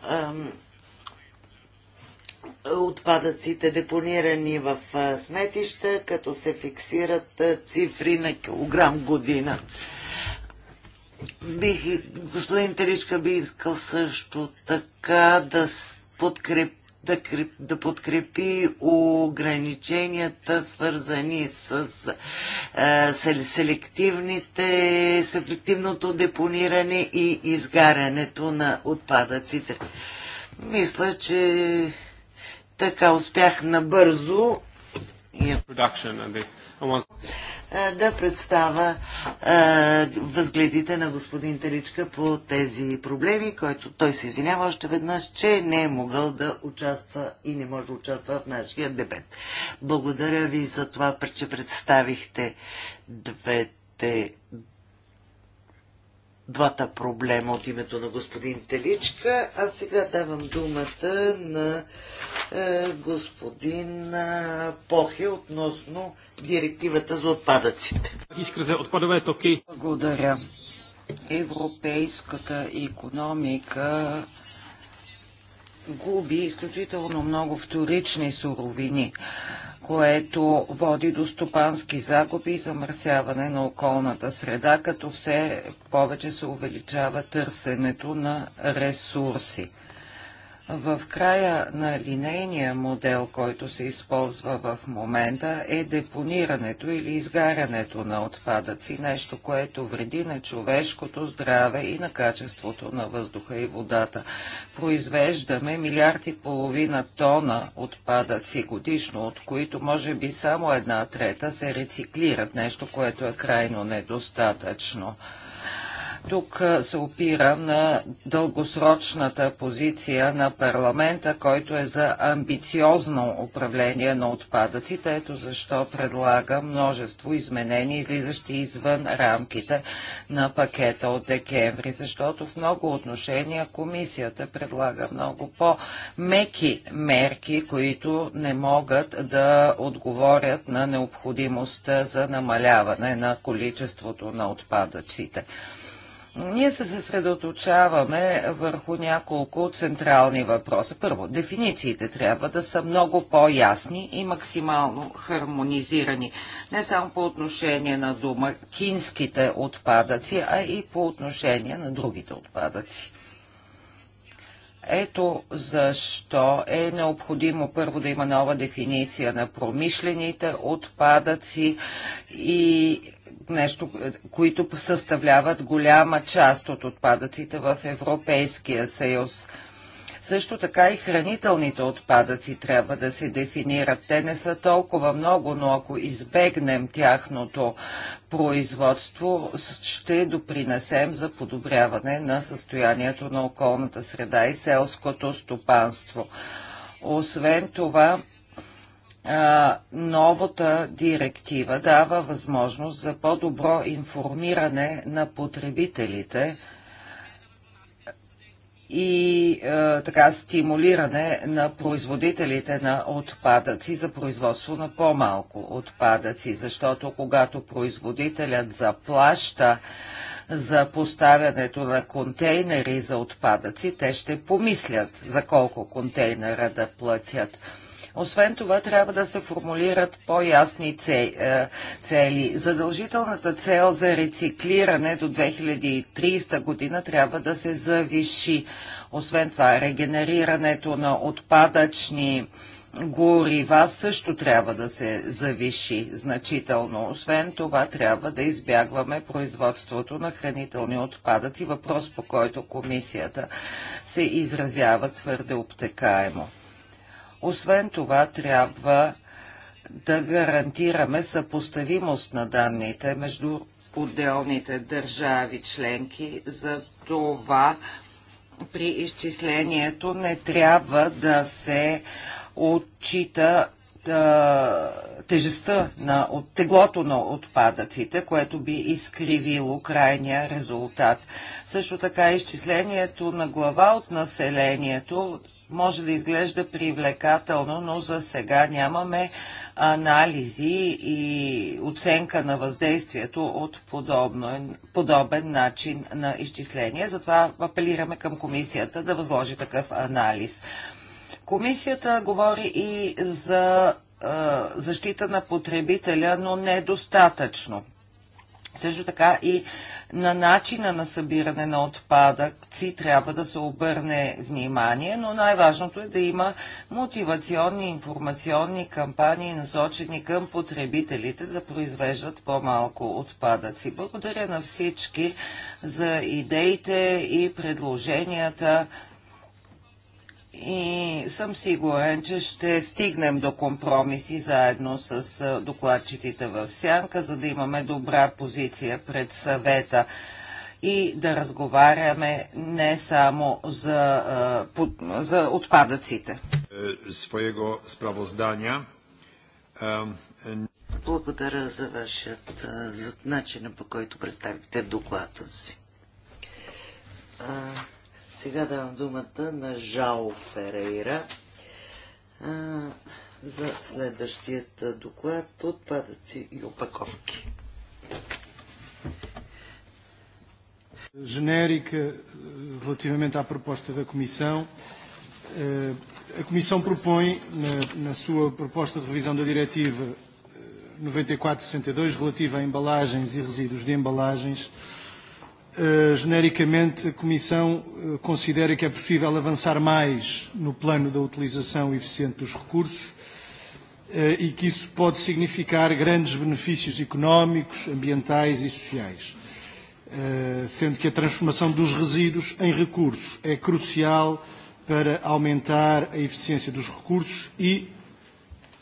отпадъците депонирани в сметища, като се фиксират цифри на килограм година. Бих, господин Теришка би искал също така да подкрепи да, да подкрепи ограниченията, свързани с е, селективните, селективното депониране и изгарянето на отпадъците. Мисля, че така успях набързо да представя възгледите на господин Теличка по тези проблеми, който той се извинява още веднъж, че не е могъл да участва и не може да участва в нашия дебет. Благодаря ви за това, че представихте двете двата проблема от името на господин Теличка. А сега давам думата на е, господин е, Похе относно директивата за отпадъците. Искра отпадове окей. Благодаря. Европейската економика губи изключително много вторични суровини което води до стопански загуби и замърсяване на околната среда, като все повече се увеличава търсенето на ресурси. В края на линейния модел, който се използва в момента, е депонирането или изгарянето на отпадъци, нещо, което вреди на човешкото здраве и на качеството на въздуха и водата. Произвеждаме милиарди и половина тона отпадъци годишно, от които може би само една трета се рециклират, нещо, което е крайно недостатъчно. Тук се опирам на дългосрочната позиция на парламента, който е за амбициозно управление на отпадъците. Ето защо предлага множество изменения, излизащи извън рамките на пакета от декември, защото в много отношения комисията предлага много по-меки мерки, които не могат да отговорят на необходимостта за намаляване на количеството на отпадъците. Ние се съсредоточаваме върху няколко централни въпроса. Първо, дефинициите трябва да са много по-ясни и максимално хармонизирани. Не само по отношение на домакинските отпадъци, а и по отношение на другите отпадъци. Ето защо е необходимо първо да има нова дефиниция на промишлените отпадъци и нещо, е, които съставляват голяма част от отпадъците в Европейския съюз. Също така и хранителните отпадъци трябва да се дефинират. Те не са толкова много, но ако избегнем тяхното производство, ще допринесем за подобряване на състоянието на околната среда и селското стопанство. Освен това, новата директива дава възможност за по-добро информиране на потребителите и така стимулиране на производителите на отпадъци за производство на по-малко отпадъци, защото когато производителят заплаща за поставянето на контейнери за отпадъци, те ще помислят за колко контейнера да платят. Освен това, трябва да се формулират по-ясни е, цели. Задължителната цел за рециклиране до 2030 година трябва да се завиши. Освен това, регенерирането на отпадъчни горива също трябва да се завиши значително. Освен това, трябва да избягваме производството на хранителни отпадъци, въпрос по който комисията се изразява твърде обтекаемо. Освен това, трябва да гарантираме съпоставимост на данните между отделните държави членки. За това при изчислението не трябва да се отчита тежестта на от, теглото на отпадъците, което би изкривило крайния резултат. Също така изчислението на глава от населението може да изглежда привлекателно, но за сега нямаме анализи и оценка на въздействието от подобно, подобен начин на изчисление. Затова апелираме към комисията да възложи такъв анализ. Комисията говори и за е, защита на потребителя, но недостатъчно. Също така и на начина на събиране на отпадъци трябва да се обърне внимание, но най-важното е да има мотивационни информационни кампании, насочени към потребителите да произвеждат по-малко отпадъци. Благодаря на всички за идеите и предложенията и съм сигурен, че ще стигнем до компромиси заедно с докладчиците в Сянка, за да имаме добра позиция пред съвета и да разговаряме не само за, за отпадъците. Е, своего справоздания. Е, е, Благодаря за вашият за начина по който представихте доклада си. Сега давам думата на Жао Ферейра а, за следващият доклад отпадъци и опаковки. Genérica relativamente à proposta da Comissão. A Comissão propõe, na, na sua proposta de revisão da Diretiva 94-62, relativa a embalagens e resíduos de embalagens, genericamente, a Comissão considera que é possível avançar mais no plano da utilização eficiente dos recursos e que isso pode significar grandes benefícios económicos, ambientais e sociais. Sendo que a transformação dos resíduos em recursos é crucial para aumentar a eficiência dos recursos e,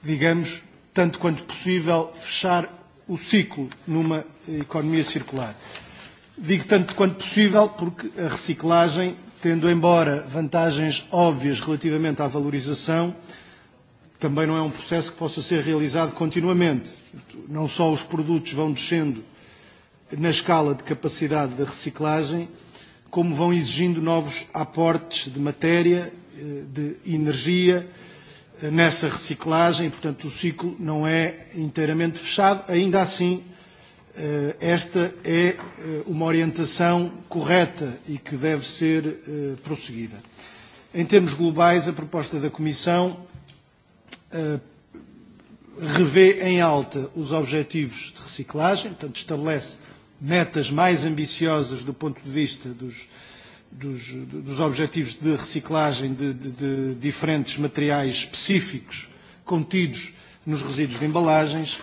digamos, tanto quanto possível, fechar o ciclo numa economia circular. Digo tanto quanto possível, porque a reciclagem, tendo embora vantagens óbvias relativamente à valorização, também não é um processo que possa ser realizado continuamente. Não só os produtos vão descendo na escala de capacidade da reciclagem, como vão exigindo novos aportes de matéria, de energia nessa reciclagem, portanto o ciclo não é inteiramente fechado, ainda assim esta é uma orientação correta e que deve ser prosseguida. Em termos globais, a proposta da Comissão revê em alta os objetivos de reciclagem, portanto, estabelece metas mais ambiciosas do ponto de vista dos, dos, dos objetivos de reciclagem de, de, de diferentes materiais específicos contidos nos resíduos de embalagens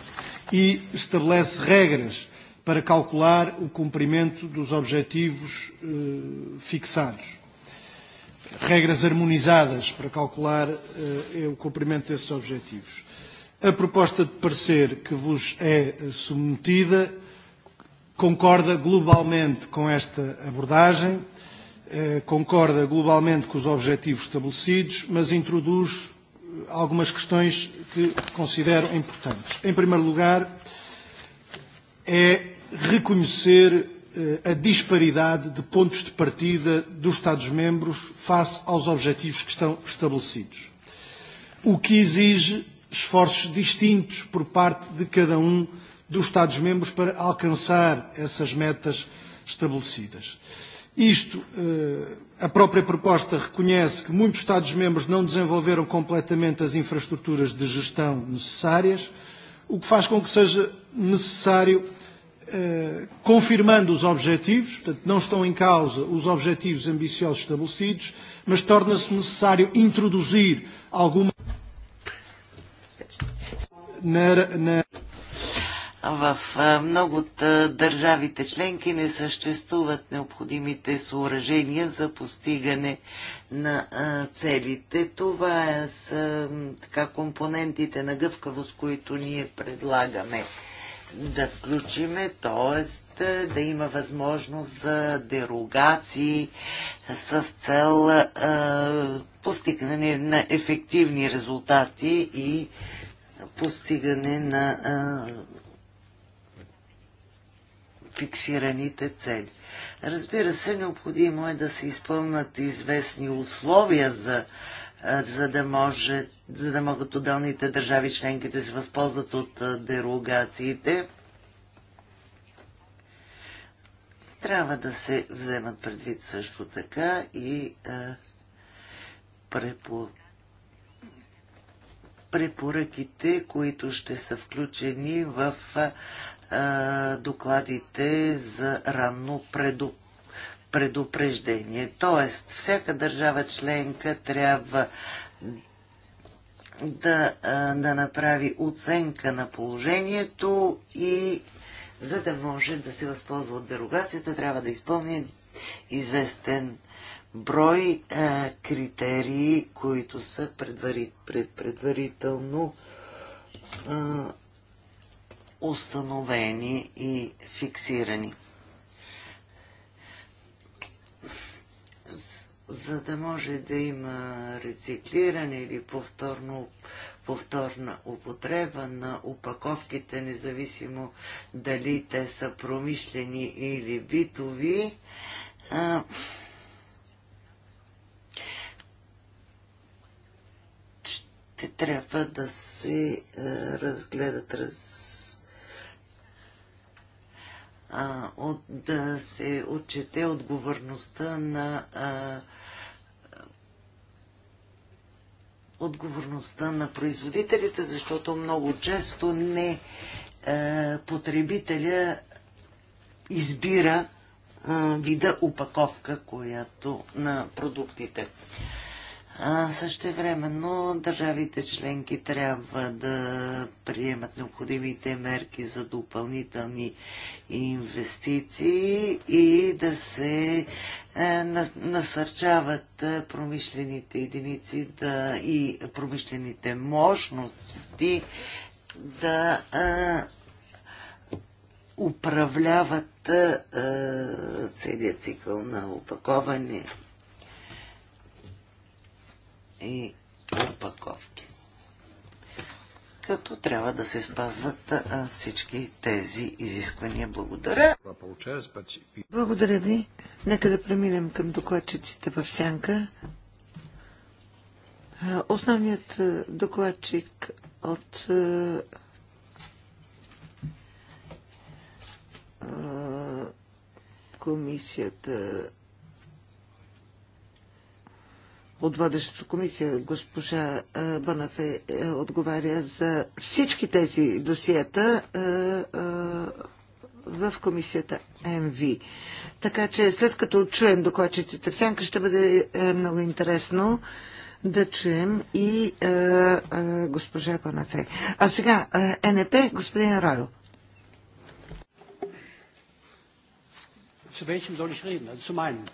e estabelece regras para calcular o cumprimento dos objetivos eh, fixados. Regras harmonizadas para calcular eh, o cumprimento desses objetivos. A proposta de parecer que vos é submetida concorda globalmente com esta abordagem, eh, concorda globalmente com os objetivos estabelecidos, mas introduz algumas questões que considero importantes. Em primeiro lugar, é reconhecer a disparidade de pontos de partida dos Estados-membros face aos objetivos que estão estabelecidos, o que exige esforços distintos por parte de cada um dos Estados-membros para alcançar essas metas estabelecidas. Isto, a própria proposta reconhece que muitos Estados-membros não desenvolveram completamente as infraestruturas de gestão necessárias, o que faz com que seja necessário, confirmando os objetivos, portanto, não estão em causa os objetivos ambiciosos estabelecidos, mas torna-se necessário introduzir alguma. Na, na в много от държавите членки не съществуват необходимите съоръжения за постигане на целите. Това са така, компонентите на гъвкавост, които ние предлагаме да включиме, т.е. да има възможност за дерогации с цел постигане на ефективни резултати и постигане на фиксираните цели. Разбира се, необходимо е да се изпълнат известни условия за за да, може, за да могат отделните държави членки да се възползват от дерогациите. Трябва да се вземат предвид също така и е, препо... препоръките, които ще са включени в докладите за ранно предупреждение предупреждение. Тоест, всяка държава членка трябва да, да направи оценка на положението и за да може да се възползва от дерогацията, трябва да изпълни известен брой е, критерии, които са предварит, пред, предварително е, установени и фиксирани. За да може да има рециклиране или повторно, повторна употреба на упаковките, независимо дали те са промишлени или битови, а, ще трябва да се разгледат раз, а, от, да се отчете отговорността на а, отговорността на производителите, защото много често не а, потребителя избира вида упаковка, която на продуктите но държавите членки трябва да приемат необходимите мерки за допълнителни инвестиции и да се е, насърчават е, промишлените единици да, и промишлените мощности да е, управляват целият цикъл на опаковане и опаковки. Като трябва да се спазват всички тези изисквания. Благодаря. Благодаря ви. Нека да преминем към докладчиците в сянка. Основният докладчик от комисията от водещата комисия. Госпожа Банафе е, отговаря за всички тези досиета в комисията МВ. Така че след като чуем докладчиците в сянка, ще бъде е, много интересно да чуем и е, госпожа Панафе. А сега, НП, господин Райл. Zu welchem soll ich reden? Also zu meinem.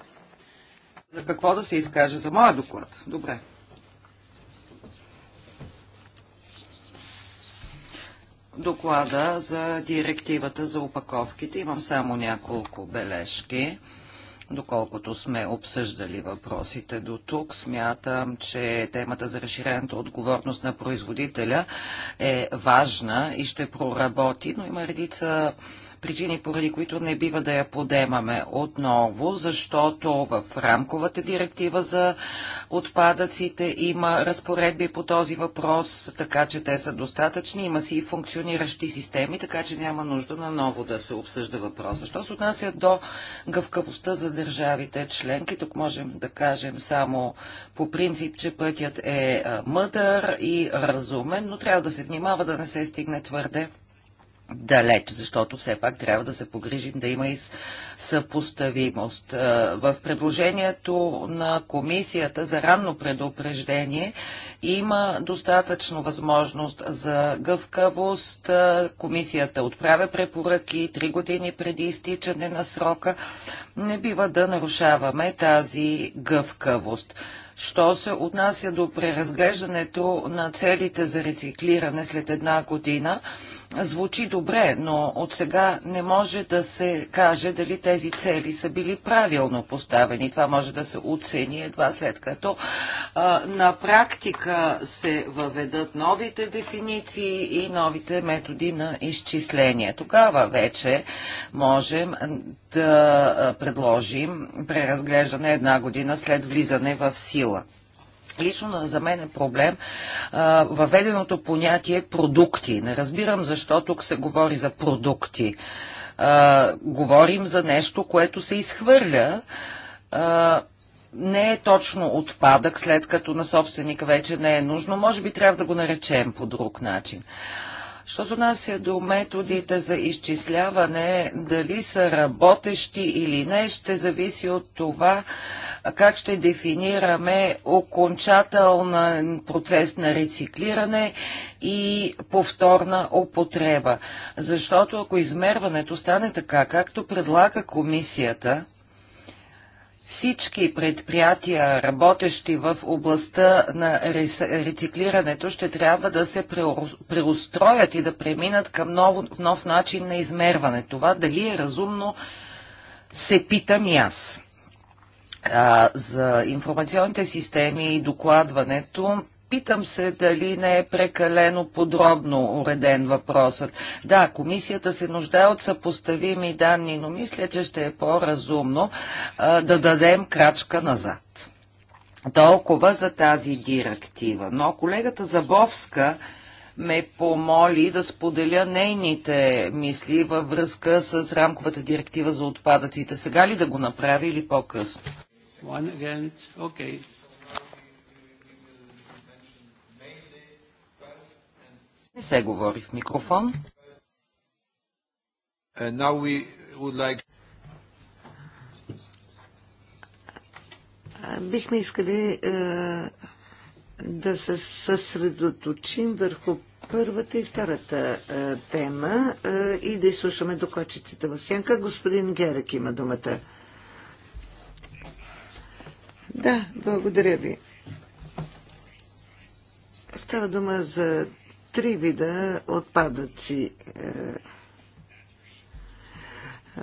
За какво да се изкаже? За моя доклад. Добре. Доклада за директивата за опаковките. Имам само няколко бележки. Доколкото сме обсъждали въпросите до тук, смятам, че темата за разширената отговорност на производителя е важна и ще проработи, но има редица причини, поради които не бива да я подемаме отново, защото в рамковата директива за отпадъците има разпоредби по този въпрос, така че те са достатъчни. Има си и функциониращи системи, така че няма нужда на ново да се обсъжда въпроса. Що се отнася до гъвкавостта за държавите членки, тук можем да кажем само по принцип, че пътят е мъдър и разумен, но трябва да се внимава да не се стигне твърде далеч, защото все пак трябва да се погрижим да има и съпоставимост. Е, в предложението на комисията за ранно предупреждение има достатъчно възможност за гъвкавост. Е, комисията отправя препоръки три години преди изтичане на срока. Не бива да нарушаваме тази гъвкавост. Що се отнася до преразглеждането на целите за рециклиране след една година, звучи добре, но от сега не може да се каже дали тези цели са били правилно поставени. Това може да се оцени едва след като а, на практика се въведат новите дефиниции и новите методи на изчисление. Тогава вече можем да предложим преразглеждане една година след влизане в сила. Лично за мен е проблем а, въведеното понятие продукти. Не разбирам защо тук се говори за продукти. А, говорим за нещо, което се изхвърля. А, не е точно отпадък, след като на собственика вече не е нужно. Може би трябва да го наречем по друг начин. Що се отнася до методите за изчисляване, дали са работещи или не, ще зависи от това как ще дефинираме окончателен процес на рециклиране и повторна употреба. Защото ако измерването стане така, както предлага комисията, всички предприятия, работещи в областта на рециклирането, ще трябва да се преустроят и да преминат към нов, нов начин на измерване. Това дали е разумно, се питам и аз. А, за информационните системи и докладването Питам се дали не е прекалено подробно уреден въпросът. Да, комисията се нуждае от съпоставими данни, но мисля, че ще е по-разумно да дадем крачка назад. Толкова за тази директива. Но колегата Забовска ме помоли да споделя нейните мисли във връзка с рамковата директива за отпадъците. Сега ли да го направи или по-късно? Okay. Не се говори в микрофон. Uh, бихме искали е, да се съсредоточим върху първата и втората е, тема е, и да изслушаме докочиците в сянка. Господин Герек има думата. Да, благодаря ви. Става дума за три вида отпадъци. Е, е,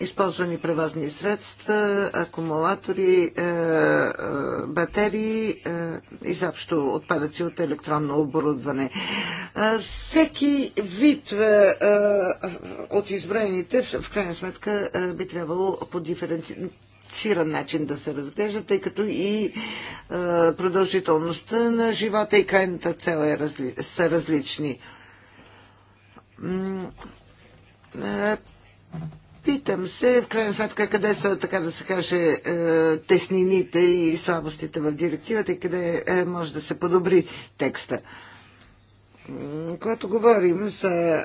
използвани превозни средства, акумулатори, е, е, батерии, е, изобщо отпадъци от електронно оборудване. Всеки вид от изброените, в крайна сметка, би трябвало по диференциран начин да се разглежда, тъй като и продължителността на живота и крайната цел е разли... са различни Питам се, в крайна сметка, къде са, така да се каже, е, теснините и слабостите в директивата и къде е, може да се подобри текста. Когато говорим за е,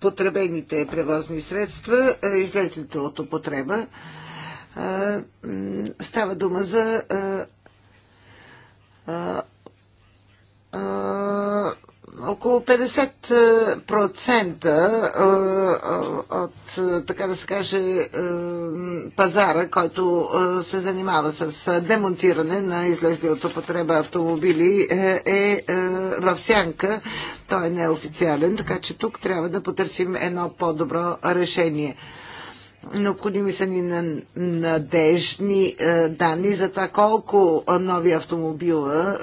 потребените превозни средства, излезлите от употреба, става дума за около 50% е, е, е, от, така да се каже, пазара, който се занимава с демонтиране на излезли от употреба автомобили, е в сянка. Той е неофициален, така че тук трябва да потърсим едно по-добро решение. Необходими са ни надежни е, данни за това колко е, нови автомобила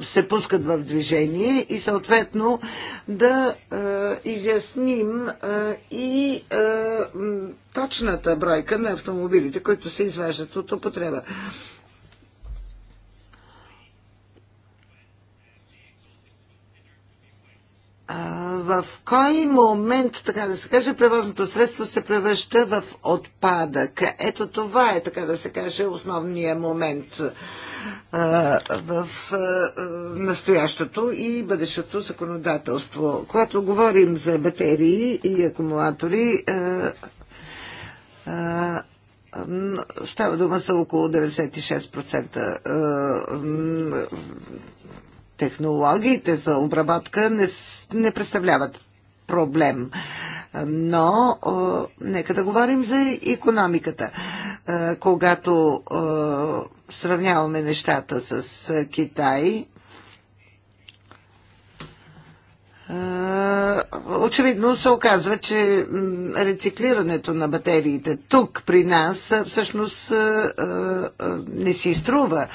е, се пускат в движение и съответно да изясним и точната бройка на автомобилите, които се изваждат от употреба. в кой момент, така да се каже, превозното средство се превръща в отпадък? Ето това е, така да се каже, основният момент в настоящото и бъдещото законодателство. Когато говорим за батерии и акумулатори, става дума за около 96% технологиите за обработка не, не представляват проблем. Но нека да говорим за економиката. когато сравняваме нещата с Китай, очевидно се оказва, че рециклирането на батериите тук при нас всъщност не си струва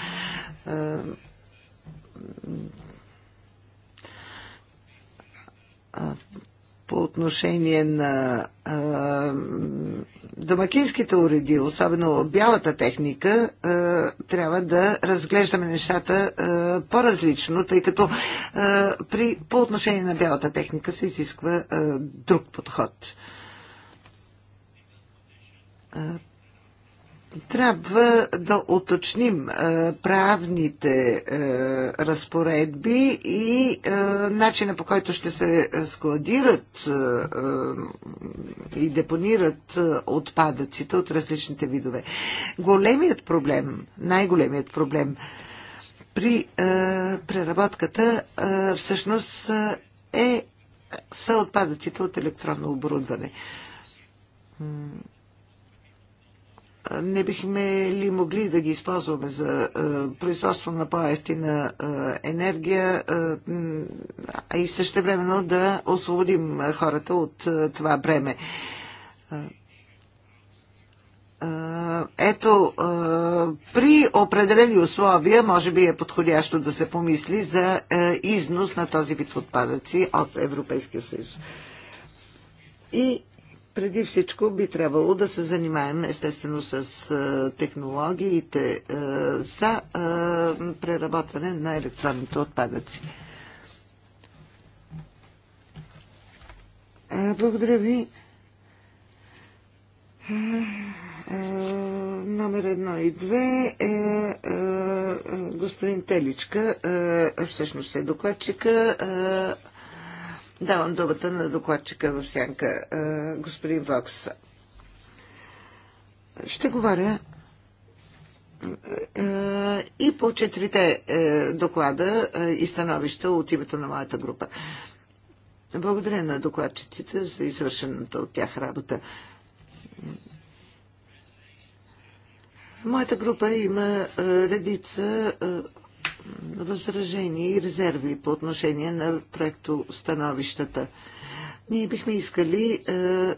по отношение на домакинските уреди, особено бялата техника, трябва да разглеждаме нещата по-различно, тъй като при, по отношение на бялата техника се изисква друг подход трябва да уточним е, правните е, разпоредби и е, начина по който ще се складират и депонират отпадъците от различните видове. Големият проблем, най-големият проблем при преработката всъщност е са отпадъците от електронно оборудване не бихме ли могли да ги използваме за е, производство на по-ефтина е, енергия, е, а и същевременно да освободим хората от това бреме? Ето, при определени условия, може би е подходящо да се помисли за износ на този вид отпадъци от Европейския съюз. И преди всичко би трябвало да се занимаем естествено с технологиите за преработване на електронните отпадъци. Благодаря ви. Номер едно и две е господин Теличка, всъщност е докладчика Давам думата на докладчика в сянка, господин Вокс. Ще говоря и по четирите е, доклада и становища от името на моята група. Благодаря на докладчиците за извършената от тях работа. Моята група има редица възражения и резерви по отношение на проекто становищата. Ние бихме искали е,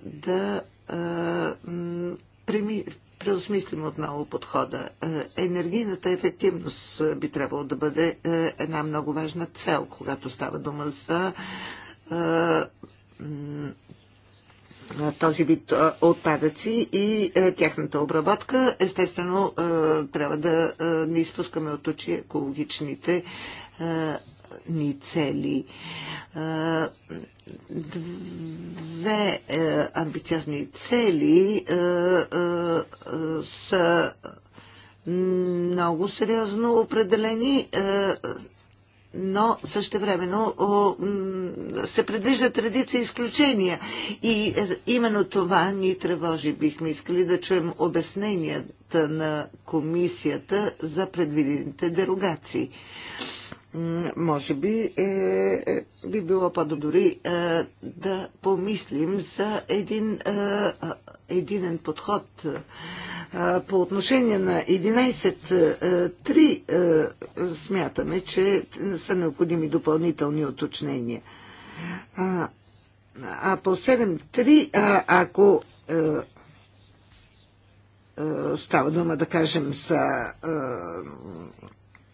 да е, преосмислим отново подхода. Е, енергийната ефективност би трябвало да бъде една много важна цел, когато става дума за този вид отпадъци и е, тяхната обработка. Естествено, е, трябва да е, не изпускаме от очи екологичните ни цели. Две амбициозни цели са много сериозно определени но същевременно се предвиждат редица изключения. И е, именно това ни тревожи. Бихме искали да чуем обясненията на комисията за предвидените дерогации може би е, е би било по-добри е, да помислим за един е, е, единен подход е, по отношение на 11.3 е, е, смятаме, че са необходими допълнителни уточнения. А, а по 7.3, ако е, е, става дума, да кажем, са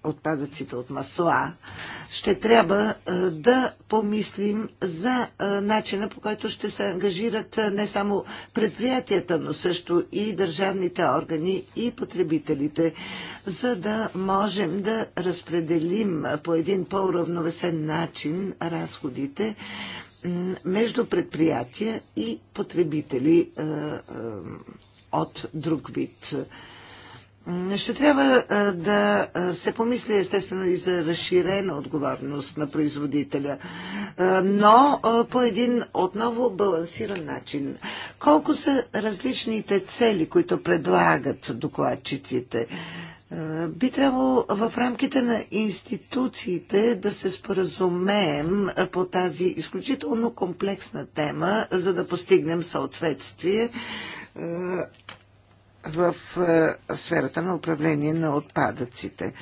отпадъците от масла, ще трябва е, да помислим за е, начина по който ще се ангажират е, не само предприятията, но също и държавните органи и потребителите, за да можем да разпределим по един по-уравновесен начин разходите между предприятия и потребители от друг вид. Ще трябва да се помисли естествено и за разширена отговорност на производителя, но по един отново балансиран начин. Колко са различните цели, които предлагат докладчиците? Би трябвало в рамките на институциите да се споразумеем по тази изключително комплексна тема, за да постигнем съответствие в е, сферата на управление на отпадъците.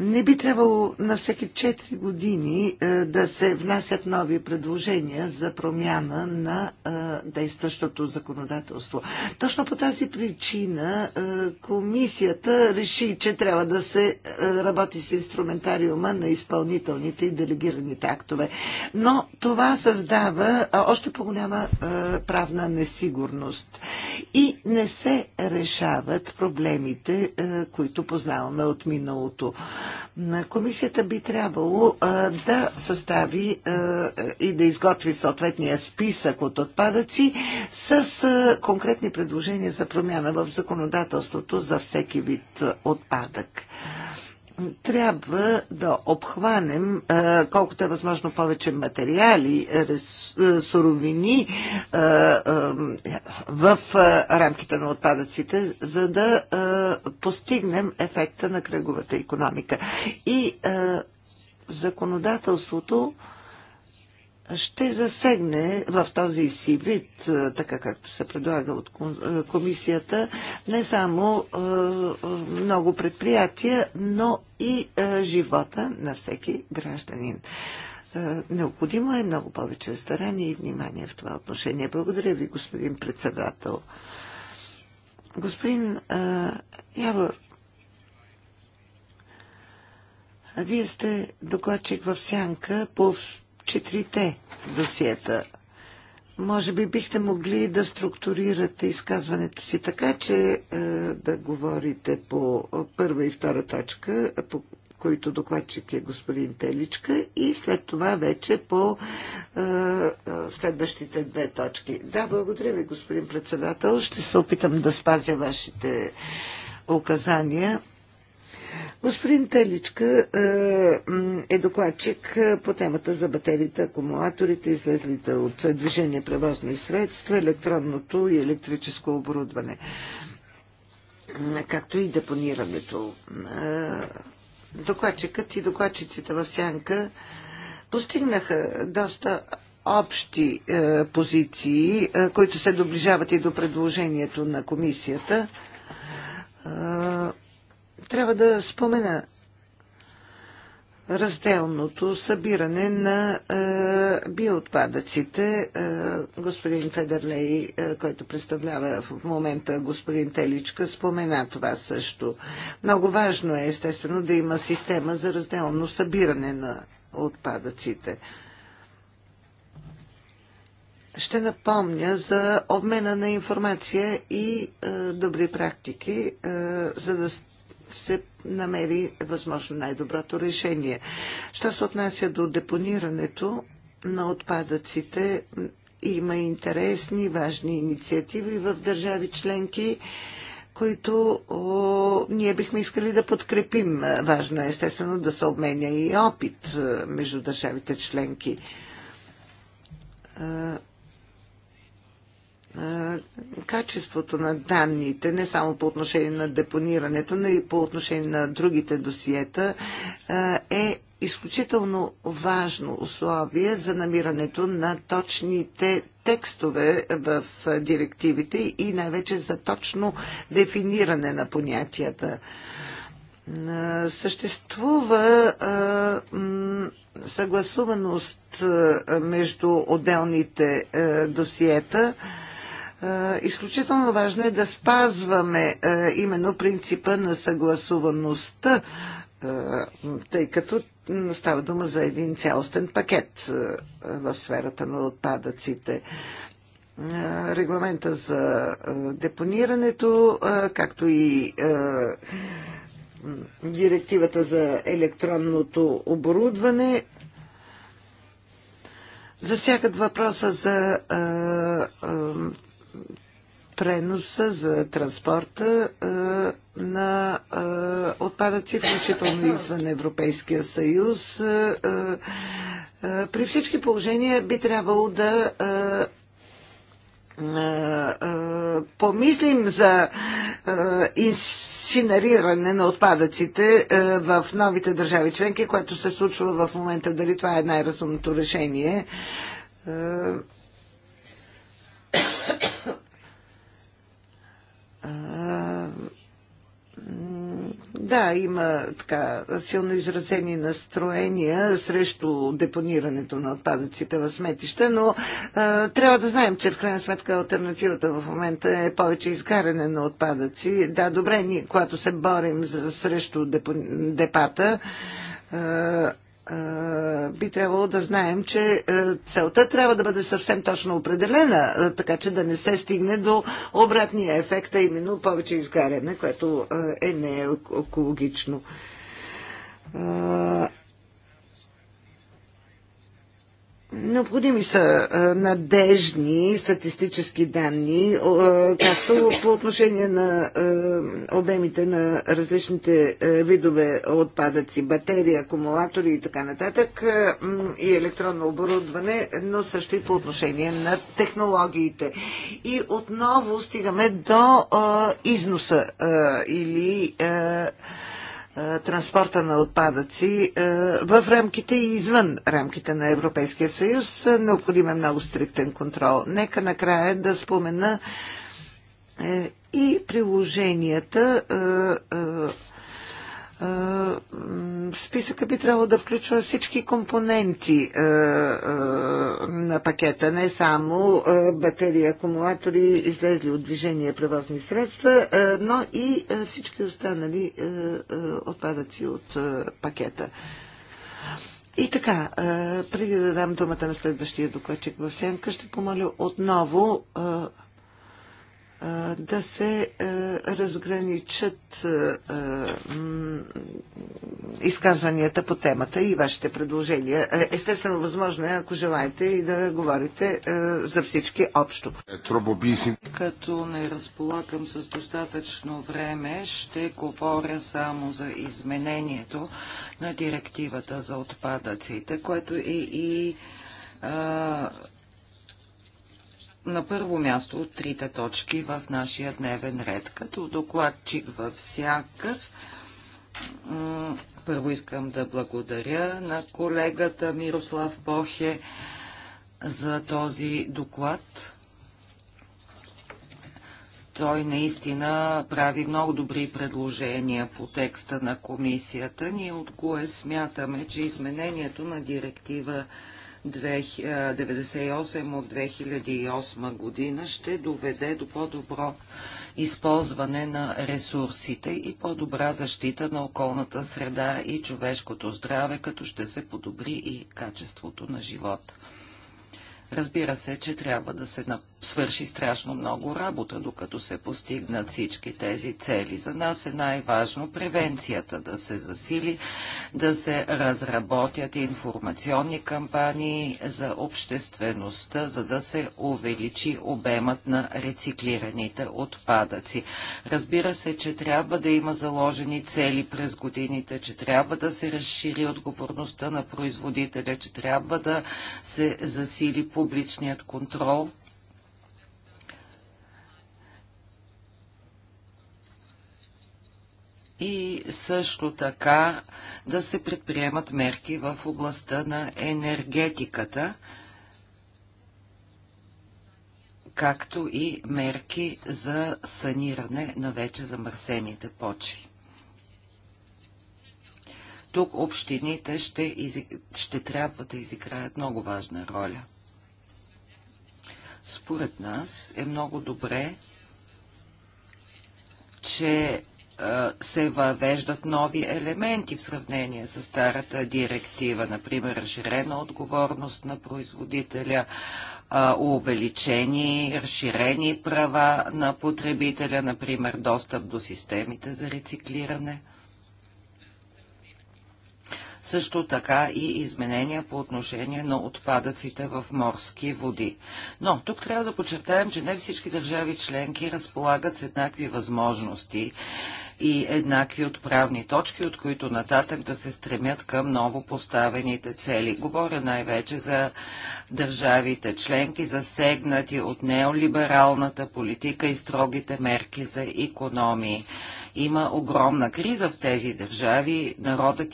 Не би трябвало на всеки 4 години е, да се внасят нови предложения за промяна на е, действащото законодателство. Точно по тази причина е, комисията реши, че трябва да се работи с инструментариума на изпълнителните и делегираните актове. Но това създава още по-голяма правна несигурност и не се решават проблемите, които познаваме от миналото. Комисията би трябвало да състави и да изготви съответния списък от отпадъци с конкретни предложения за промяна в законодателството за всеки вид отпадък трябва да обхванем колкото е възможно повече материали, суровини в рамките на отпадъците, за да постигнем ефекта на кръговата економика. И законодателството ще засегне в този си вид, е, така както се предлага от е, комисията, не само е, много предприятия, но и живота на всеки гражданин. Необходимо е много повече старание и внимание в това отношение. Благодаря ви, господин председател. Господин Явор, вие сте докладчик в Сянка по четирите досиета. Може би бихте могли да структурирате изказването си така, че е, да говорите по първа и втора точка, по които докладчик е господин Теличка и след това вече по е, е, следващите две точки. Да, благодаря ви, господин председател. Ще се опитам да спазя вашите указания. Господин Теличка е, е докладчик е, по темата за батериите, акумулаторите, излезлите от движение превозни средства, електронното и електрическо оборудване, както и депонирането. Е, докладчикът и докладчиците в Сянка постигнаха доста общи позиции, които се доближават и до предложението на комисията. Е, трябва да спомена разделното събиране на е, биоотпадъците. Е, господин Федерлей, е, който представлява в момента господин Теличка, спомена това също. Много важно е, естествено, да има система за разделно събиране на отпадъците. Ще напомня за обмена на информация и е, добри практики, е, за да се намери възможно най-доброто решение. Що се отнася до депонирането на отпадъците, има интересни и важни инициативи в държави членки, които о, ние бихме искали да подкрепим. Важно е естествено да се обменя и опит е, между държавите членки е, качеството на данните, не само по отношение на депонирането, но и по отношение на другите досиета, е изключително важно условие за намирането на точните текстове в директивите и най-вече за точно дефиниране на понятията. Съществува съгласуваност между отделните досиета, Изключително важно е да спазваме именно принципа на съгласуваността, тъй като става дума за един цялостен пакет в сферата на отпадъците. Регламента за депонирането, както и директивата за електронното оборудване засягат въпроса за а, а, преноса, за транспорта е, на е, отпадъци, включително извън Европейския съюз. Е, при всички положения би трябвало да помислим за инсинериране на отпадъците в новите държави членки, което се случва в момента. Дали това е най-разумното решение? Да, има така силно изразени настроения срещу депонирането на отпадъците в сметища, но а, трябва да знаем, че в крайна сметка альтернативата в момента е повече изгаряне на отпадъци. Да, добре, ние, когато се борим за, срещу депо, депата, а, би трябвало да знаем, че целта трябва да бъде съвсем точно определена, така че да не се стигне до обратния ефект, а именно повече изгаряне, което е неекологично. Необходими са надежни статистически данни, както по отношение на обемите на различните видове отпадъци, батерии, акумулатори и така нататък и електронно оборудване, но също и по отношение на технологиите. И отново стигаме до износа или е, транспорта на отпадъци е, в рамките и извън рамките на Европейския съюз. Е, необходим е много стриктен контрол. Нека накрая да спомена и приложенията списъка би трябвало да включва всички компоненти на пакета, не само батерии, акумулатори, излезли от движение превозни средства, но и всички останали отпадъци от пакета. И така, преди да дам думата на следващия докладчик в Сенка, ще помоля отново да се разграничат изказванията по темата и вашите предложения. Естествено, възможно е, ако желаете и да говорите за всички общо. Като не разполагам с достатъчно време, ще говоря само за изменението на директивата за отпадъците, което е и на първо място от трите точки в нашия дневен ред. Като докладчик във всяка, първо искам да благодаря на колегата Мирослав Похе за този доклад. Той наистина прави много добри предложения по текста на комисията. Ние от кое смятаме, че изменението на директива 98 от 2008 година ще доведе до по-добро използване на ресурсите и по-добра защита на околната среда и човешкото здраве, като ще се подобри и качеството на живота. Разбира се, че трябва да се свърши страшно много работа, докато се постигнат всички тези цели. За нас е най-важно превенцията да се засили, да се разработят информационни кампании за обществеността, за да се увеличи обемът на рециклираните отпадъци. Разбира се, че трябва да има заложени цели през годините, че трябва да се разшири отговорността на производителя, че трябва да се засили публичният контрол и също така да се предприемат мерки в областта на енергетиката, както и мерки за саниране на вече замърсените почви. Тук общините ще, ще трябва да изиграят много важна роля. Според нас е много добре, че се въвеждат нови елементи в сравнение с старата директива, например разширена отговорност на производителя, увеличени, разширени права на потребителя, например достъп до системите за рециклиране – също така и изменения по отношение на отпадъците в морски води. Но тук трябва да подчертаем, че не всички държави членки разполагат с еднакви възможности и еднакви отправни точки, от които нататък да се стремят към ново поставените цели. Говоря най-вече за държавите членки, засегнати от неолибералната политика и строгите мерки за економии. Има огромна криза в тези държави,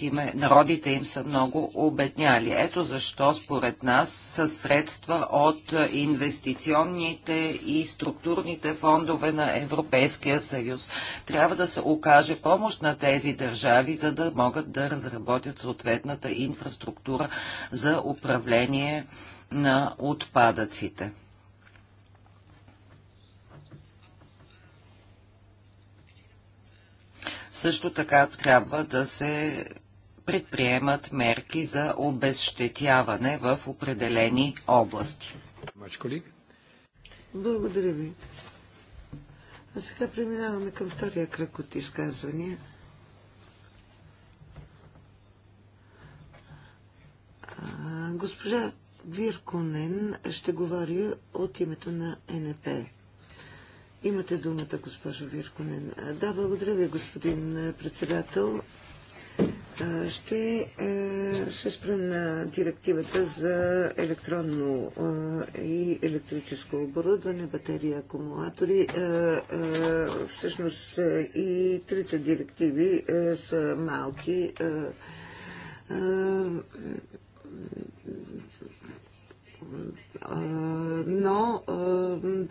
им е, народите им са много обедняли. Ето защо според нас със средства от инвестиционните и структурните фондове на Европейския съюз. Трябва да се окаже помощ на тези държави, за да могат да разработят съответната инфраструктура за управление на отпадъците. Също така трябва да се предприемат мерки за обезщетяване в определени области. Благодаря ви. А сега преминаваме към втория кръг от изказвания. Госпожа Вирконен ще говори от името на НП. Имате думата, госпожо Вирконен. Да, благодаря ви, господин председател. Ще се спра на директивата за електронно и електрическо оборудване, батерии, акумулатори. Всъщност и трите директиви са малки но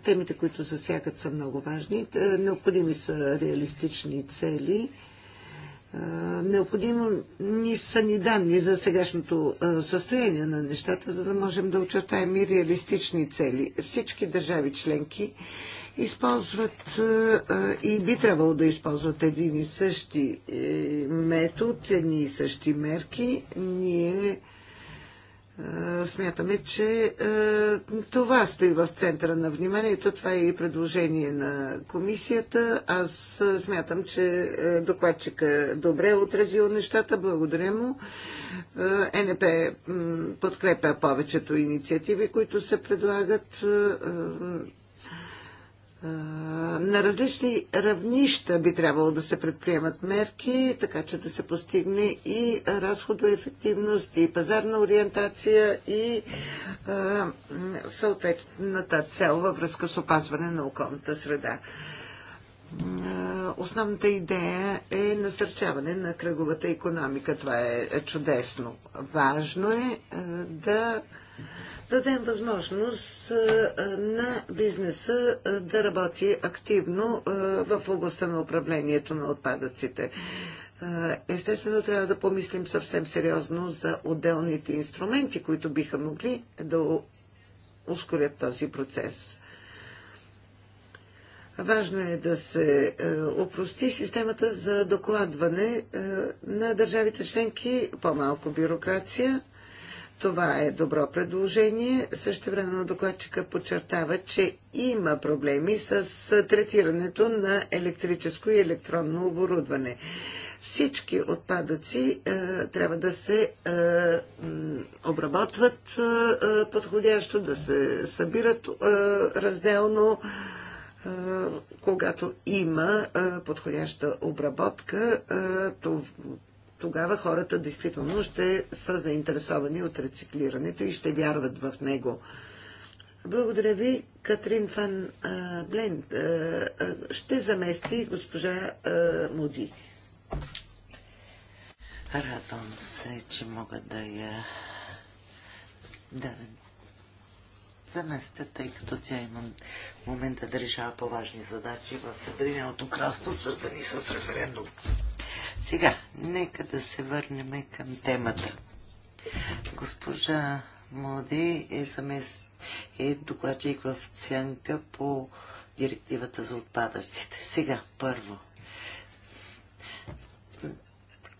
темите, които засягат, са много важни. Необходими са реалистични цели. Необходимо ни са ни данни за сегашното състояние на нещата, за да можем да очертаем и реалистични цели. Всички държави членки използват и би трябвало да използват един и същи е, метод, едни и същи мерки. Ние е, смятаме, че е, това стои в центъра на вниманието. Това е и предложение на комисията. Аз е, смятам, че докладчика добре е отразил нещата. Благодаря му. НП подкрепя повечето инициативи, които се предлагат на различни равнища би трябвало да се предприемат мерки, така че да се постигне и разходоефективност, и пазарна ориентация, и съответната цел във връзка с опазване на околната среда. Основната идея е насърчаване на кръговата економика. Това е, е чудесно. Важно е да дадем възможност е, е, на бизнеса е, да работи активно в областта на управлението на отпадъците. Естествено, трябва да помислим съвсем сериозно за отделните инструменти, които биха могли да ускорят този процес. Важно е да се опрости системата за докладване на държавите членки, по-малко бюрокрация това е добро предложение. Също времено докладчика подчертава, че има проблеми с третирането на електрическо и електронно оборудване. Всички отпадъци е, трябва да се е, обработват е, е, подходящо, да се събират е, разделно, е, когато има е, подходяща обработка. Е, това тогава хората действително ще са заинтересовани от рециклирането и ще вярват в него. Благодаря ви, Катрин Фан Блен. Ще замести госпожа Моди. Радвам се, че мога да я да заместя, тъй като тя има момента да решава по-важни задачи в Единеното кралство, свързани с референдум. Сега, нека да се върнем към темата. Госпожа Моди е, замес... е докладчик в Цянка по директивата за отпадъците. Сега, първо.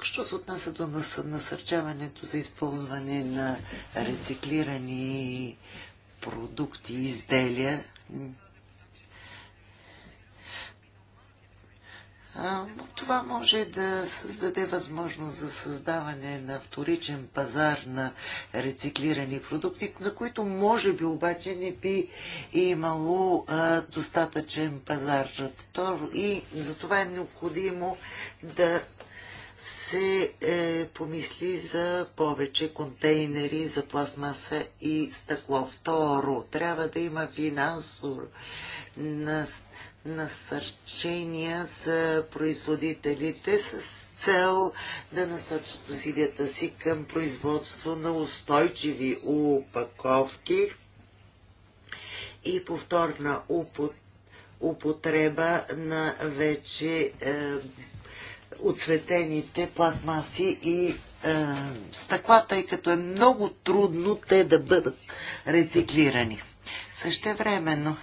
Що се отнася до насърчаването за използване на рециклирани продукти и изделия, Това може да създаде възможност за създаване на вторичен пазар на рециклирани продукти, на които може би обаче не би имало достатъчен пазар. Второ, и за това е необходимо да се е, помисли за повече контейнери за пластмаса и стъкло. Второ, трябва да има финансово на насърчения за производителите с цел да насочат усилията си към производство на устойчиви упаковки и повторна употреба на вече е, оцветените пластмаси и е, стъкла, тъй като е много трудно те да бъдат рециклирани. Също времено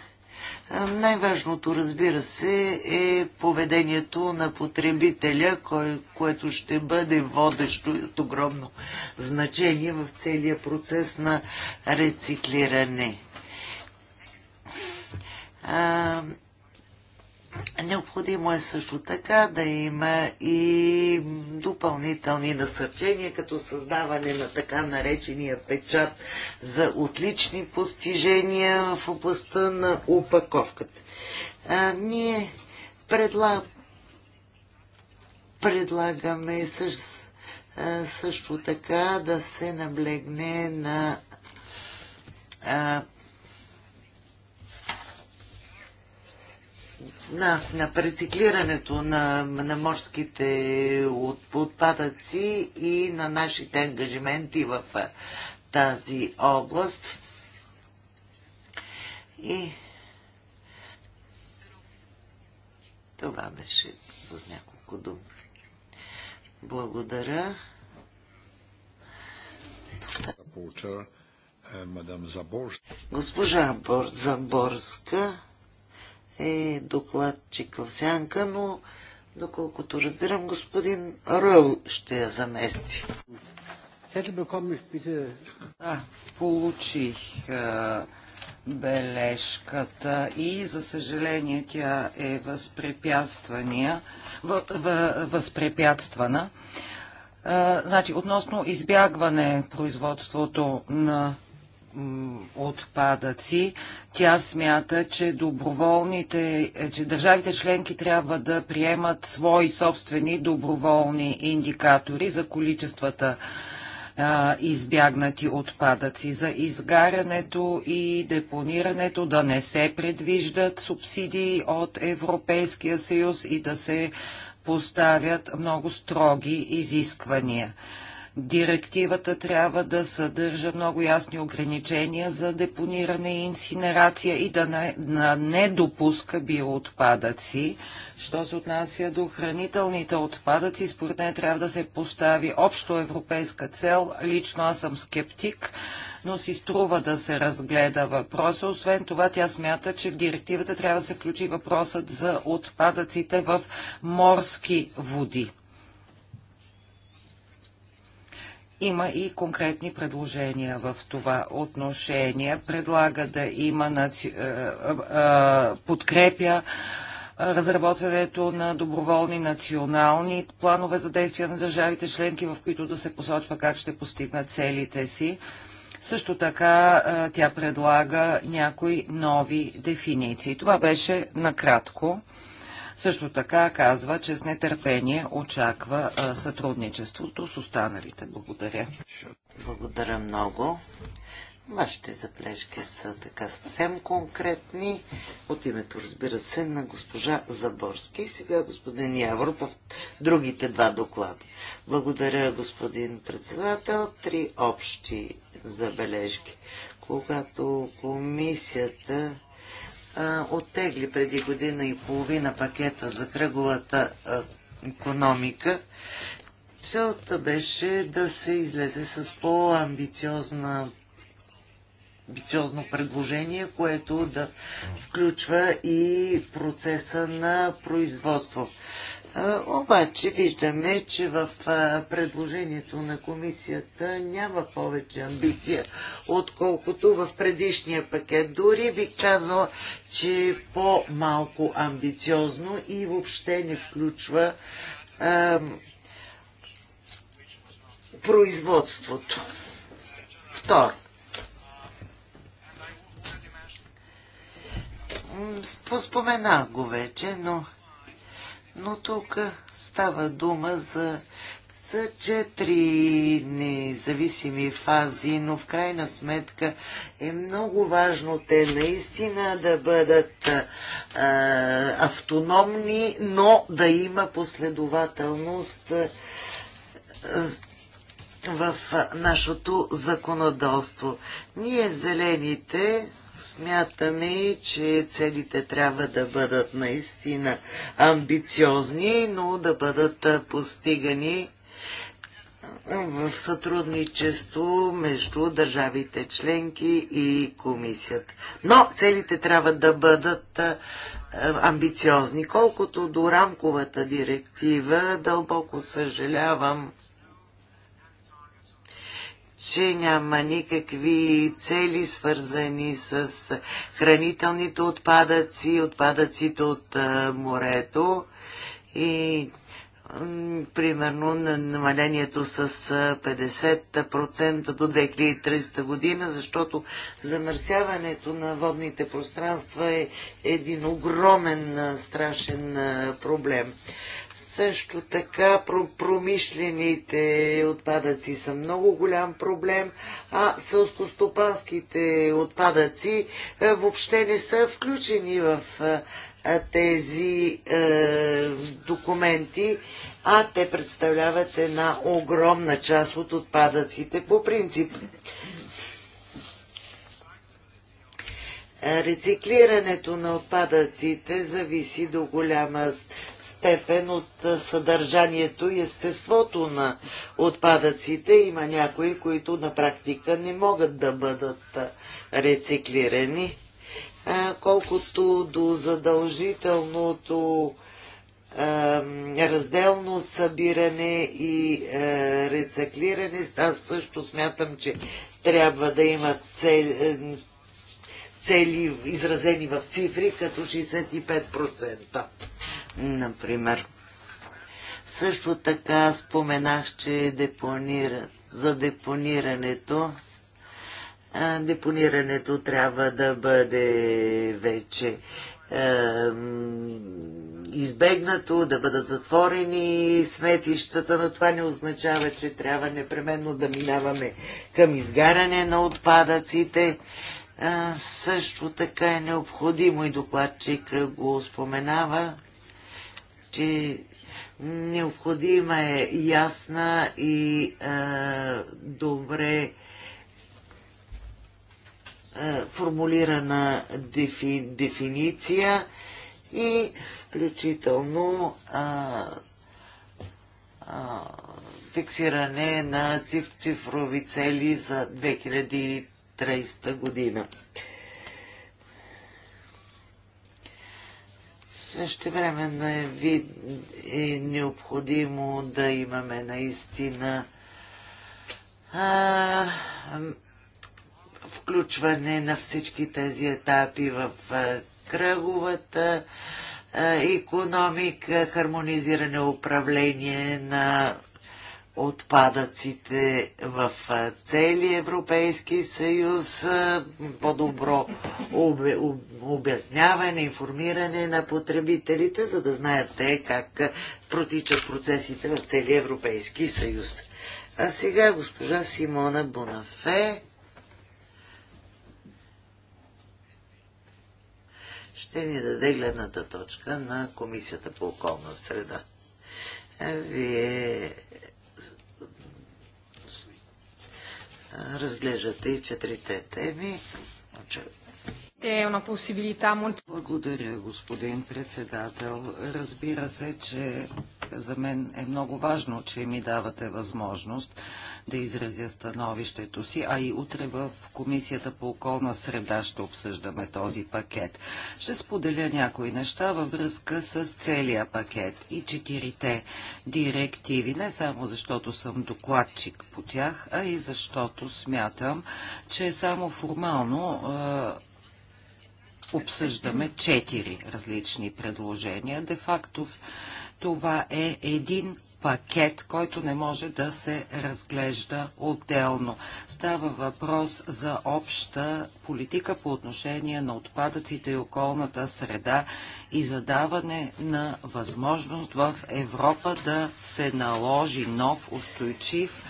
най-важното, разбира се, е поведението на потребителя, кое, което ще бъде водещо и от огромно значение в целия процес на рециклиране. А, Необходимо е също така да има и допълнителни насърчения, като създаване на така наречения печат за отлични постижения в областта на упаковката. А, ние предла... предлагаме също, също така да се наблегне на на, на рециклирането на, на морските от, отпадъци и на нашите ангажименти в тази област. И това беше с няколко думи. Благодаря. Госпожа Забор, Заборска е докладчик в сянка, но доколкото разбирам, господин Ръл ще я замести. Да, получих а, бележката и за съжаление тя е възпрепятствания, в, в, възпрепятствана. А, значи, относно избягване производството на отпадъци. Тя смята, че доброволните, че държавите членки трябва да приемат свои собствени доброволни индикатори за количествата избягнати отпадъци. За изгарянето и депонирането да не се предвиждат субсидии от Европейския съюз и да се поставят много строги изисквания. Директивата трябва да съдържа много ясни ограничения за депониране и инсинерация и да не, да не допуска биоотпадъци. Що се отнася до хранителните отпадъци, според мен трябва да се постави общо европейска цел. Лично аз съм скептик, но си струва да се разгледа въпроса. Освен това, тя смята, че в директивата трябва да се включи въпросът за отпадъците в морски води. Има и конкретни предложения в това отношение. Предлага да има наци... Е, е, е, подкрепя разработването на доброволни национални планове за действия на държавите членки, в които да се посочва как ще постигнат целите си. Също така тя предлага някои нови дефиниции. Това беше накратко. Също така казва, че с нетърпение очаква сътрудничеството с останалите. Благодаря. Благодаря много. Вашите заплежки са така съвсем конкретни. От името, разбира се, на госпожа Заборски. И сега господин Явор по другите два доклада. Благодаря, господин председател. Три общи забележки. Когато комисията оттегли преди година и половина пакета за кръговата економика. Целта беше да се излезе с по-амбициозна амбициозно предложение, което да включва и процеса на производство. Обаче виждаме, че в предложението на комисията няма повече амбиция, отколкото в предишния пакет. Дори бих казала, че е по-малко амбициозно и въобще не включва а, производството. Второ. Споменах го вече, но но тук става дума за, за четири независими фази, но в крайна сметка е много важно те наистина да бъдат а, автономни, но да има последователност а, в нашето законодателство. Ние, зелените, Смятаме, че целите трябва да бъдат наистина амбициозни, но да бъдат постигани в сътрудничество между държавите членки и комисията. Но целите трябва да бъдат амбициозни. Колкото до рамковата директива, дълбоко съжалявам, че няма никакви цели свързани с хранителните отпадъци, отпадъците от морето и примерно на намалението с 50% до 2300 година, защото замърсяването на водните пространства е един огромен страшен проблем. Също така промишлените отпадъци са много голям проблем, а сълскостопанските отпадъци е, въобще не са включени в е, е, тези документи, а те представляват една огромна част от отпадъците по принцип. Рециклирането на отпадъците зависи до голяма степен от съдържанието и естеството на отпадъците. Има някои, които на практика не могат да бъдат рециклирани. Колкото до задължителното разделно събиране и рециклиране, аз също смятам, че трябва да имат цели, е, цели изразени в цифри, като 65% например. Също така споменах, че депонира, за депонирането депонирането трябва да бъде вече избегнато, да бъдат затворени сметищата, но това не означава, че трябва непременно да минаваме към изгаряне на отпадъците. Е, също така е необходимо и докладчик го споменава че необходима е ясна и е, добре е, формулирана дефи, дефиниция и включително а, а, фиксиране на циф, цифрови цели за 2030 година. Същевременно е, вид, е необходимо да имаме наистина а, включване на всички тези етапи в а, кръговата а, економика, хармонизиране управление на отпадъците в целия Европейски съюз, по-добро обясняване, информиране на потребителите, за да знаят те как протичат процесите в целия Европейски съюз. А сега госпожа Симона Бонафе ще ни даде гледната точка на Комисията по околна среда. Вие разглеждате и четирите теми. Е Благодаря, господин председател. Разбира се, че за мен е много важно, че ми давате възможност да изразя становището си, а и утре в Комисията по околна среда ще обсъждаме този пакет. Ще споделя някои неща във връзка с целия пакет и четирите директиви, не само защото съм докладчик по тях, а и защото смятам, че само формално обсъждаме четири различни предложения. Де факто това е един пакет, който не може да се разглежда отделно. Става въпрос за обща политика по отношение на отпадъците и околната среда и задаване на възможност в Европа да се наложи нов, устойчив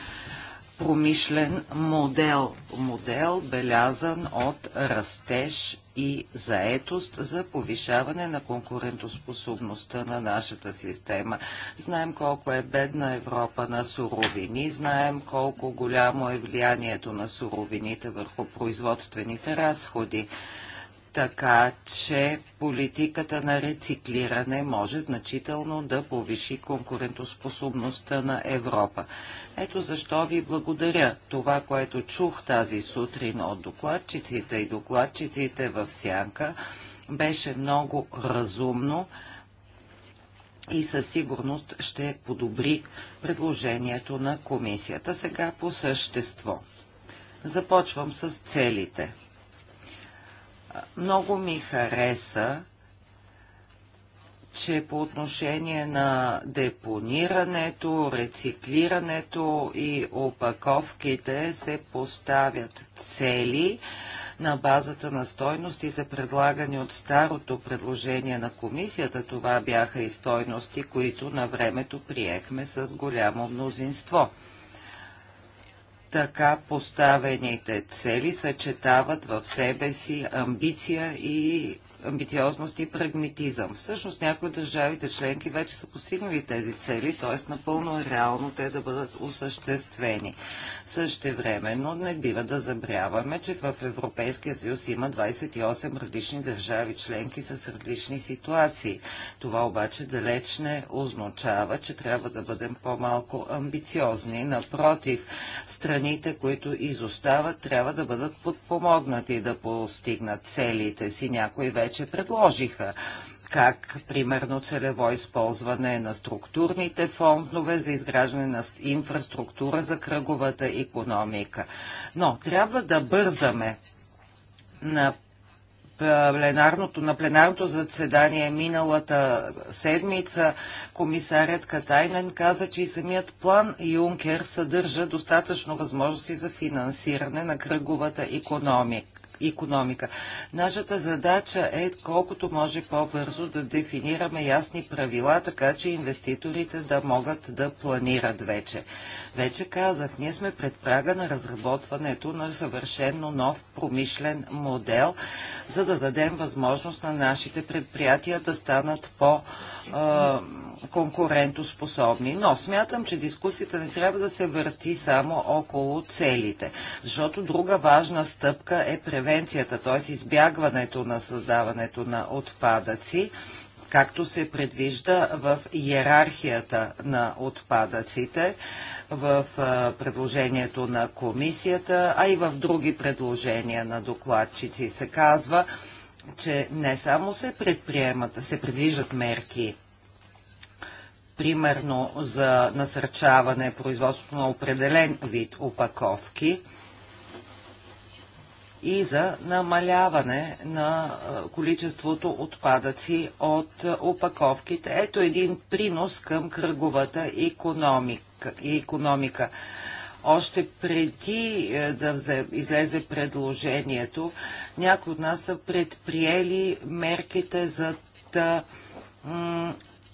промишлен модел. Модел белязан от растеж и заетост за повишаване на конкурентоспособността на нашата система. Знаем колко е бедна Европа на суровини, знаем колко голямо е влиянието на суровините върху производствените разходи така че политиката на рециклиране може значително да повиши конкурентоспособността на Европа. Ето защо ви благодаря това, което чух тази сутрин от докладчиците и докладчиците в Сянка, беше много разумно и със сигурност ще подобри предложението на комисията. Сега по същество. Започвам с целите. Много ми хареса, че по отношение на депонирането, рециклирането и опаковките се поставят цели на базата на стойностите, предлагани от старото предложение на комисията. Това бяха и стойности, които на времето приехме с голямо мнозинство така поставените цели съчетават в себе си амбиция и амбициозност и прагматизъм. Всъщност някои държавите членки вече са постигнали тези цели, т.е. напълно е реално те да бъдат осъществени. но не бива да забряваме, че в Европейския съюз има 28 различни държави членки с различни ситуации. Това обаче далеч не означава, че трябва да бъдем по-малко амбициозни. Напротив, страните, които изостават, трябва да бъдат подпомогнати да постигнат целите си. Някои вече вече предложиха как, примерно, целево използване на структурните фондове за изграждане на инфраструктура за кръговата економика. Но трябва да бързаме. На пленарното, на пленарното заседание миналата седмица комисарят Катайнен каза, че и самият план Юнкер съдържа достатъчно възможности за финансиране на кръговата економика економика. Нашата задача е колкото може по-бързо да дефинираме ясни правила, така че инвеститорите да могат да планират вече. Вече казах, ние сме пред прага на разработването на съвършенно нов промишлен модел, за да дадем възможност на нашите предприятия да станат по- конкурентоспособни. Но смятам, че дискусията не трябва да се върти само около целите, защото друга важна стъпка е превенцията, т.е. избягването на създаването на отпадъци както се предвижда в иерархията на отпадъците, в предложението на комисията, а и в други предложения на докладчици се казва, че не само се предприемат, се предвиждат мерки примерно за насърчаване производството на определен вид опаковки и за намаляване на количеството отпадъци от опаковките. Ето един принос към кръговата економика. економика. Още преди е, да излезе предложението, някои от нас са предприели мерките за да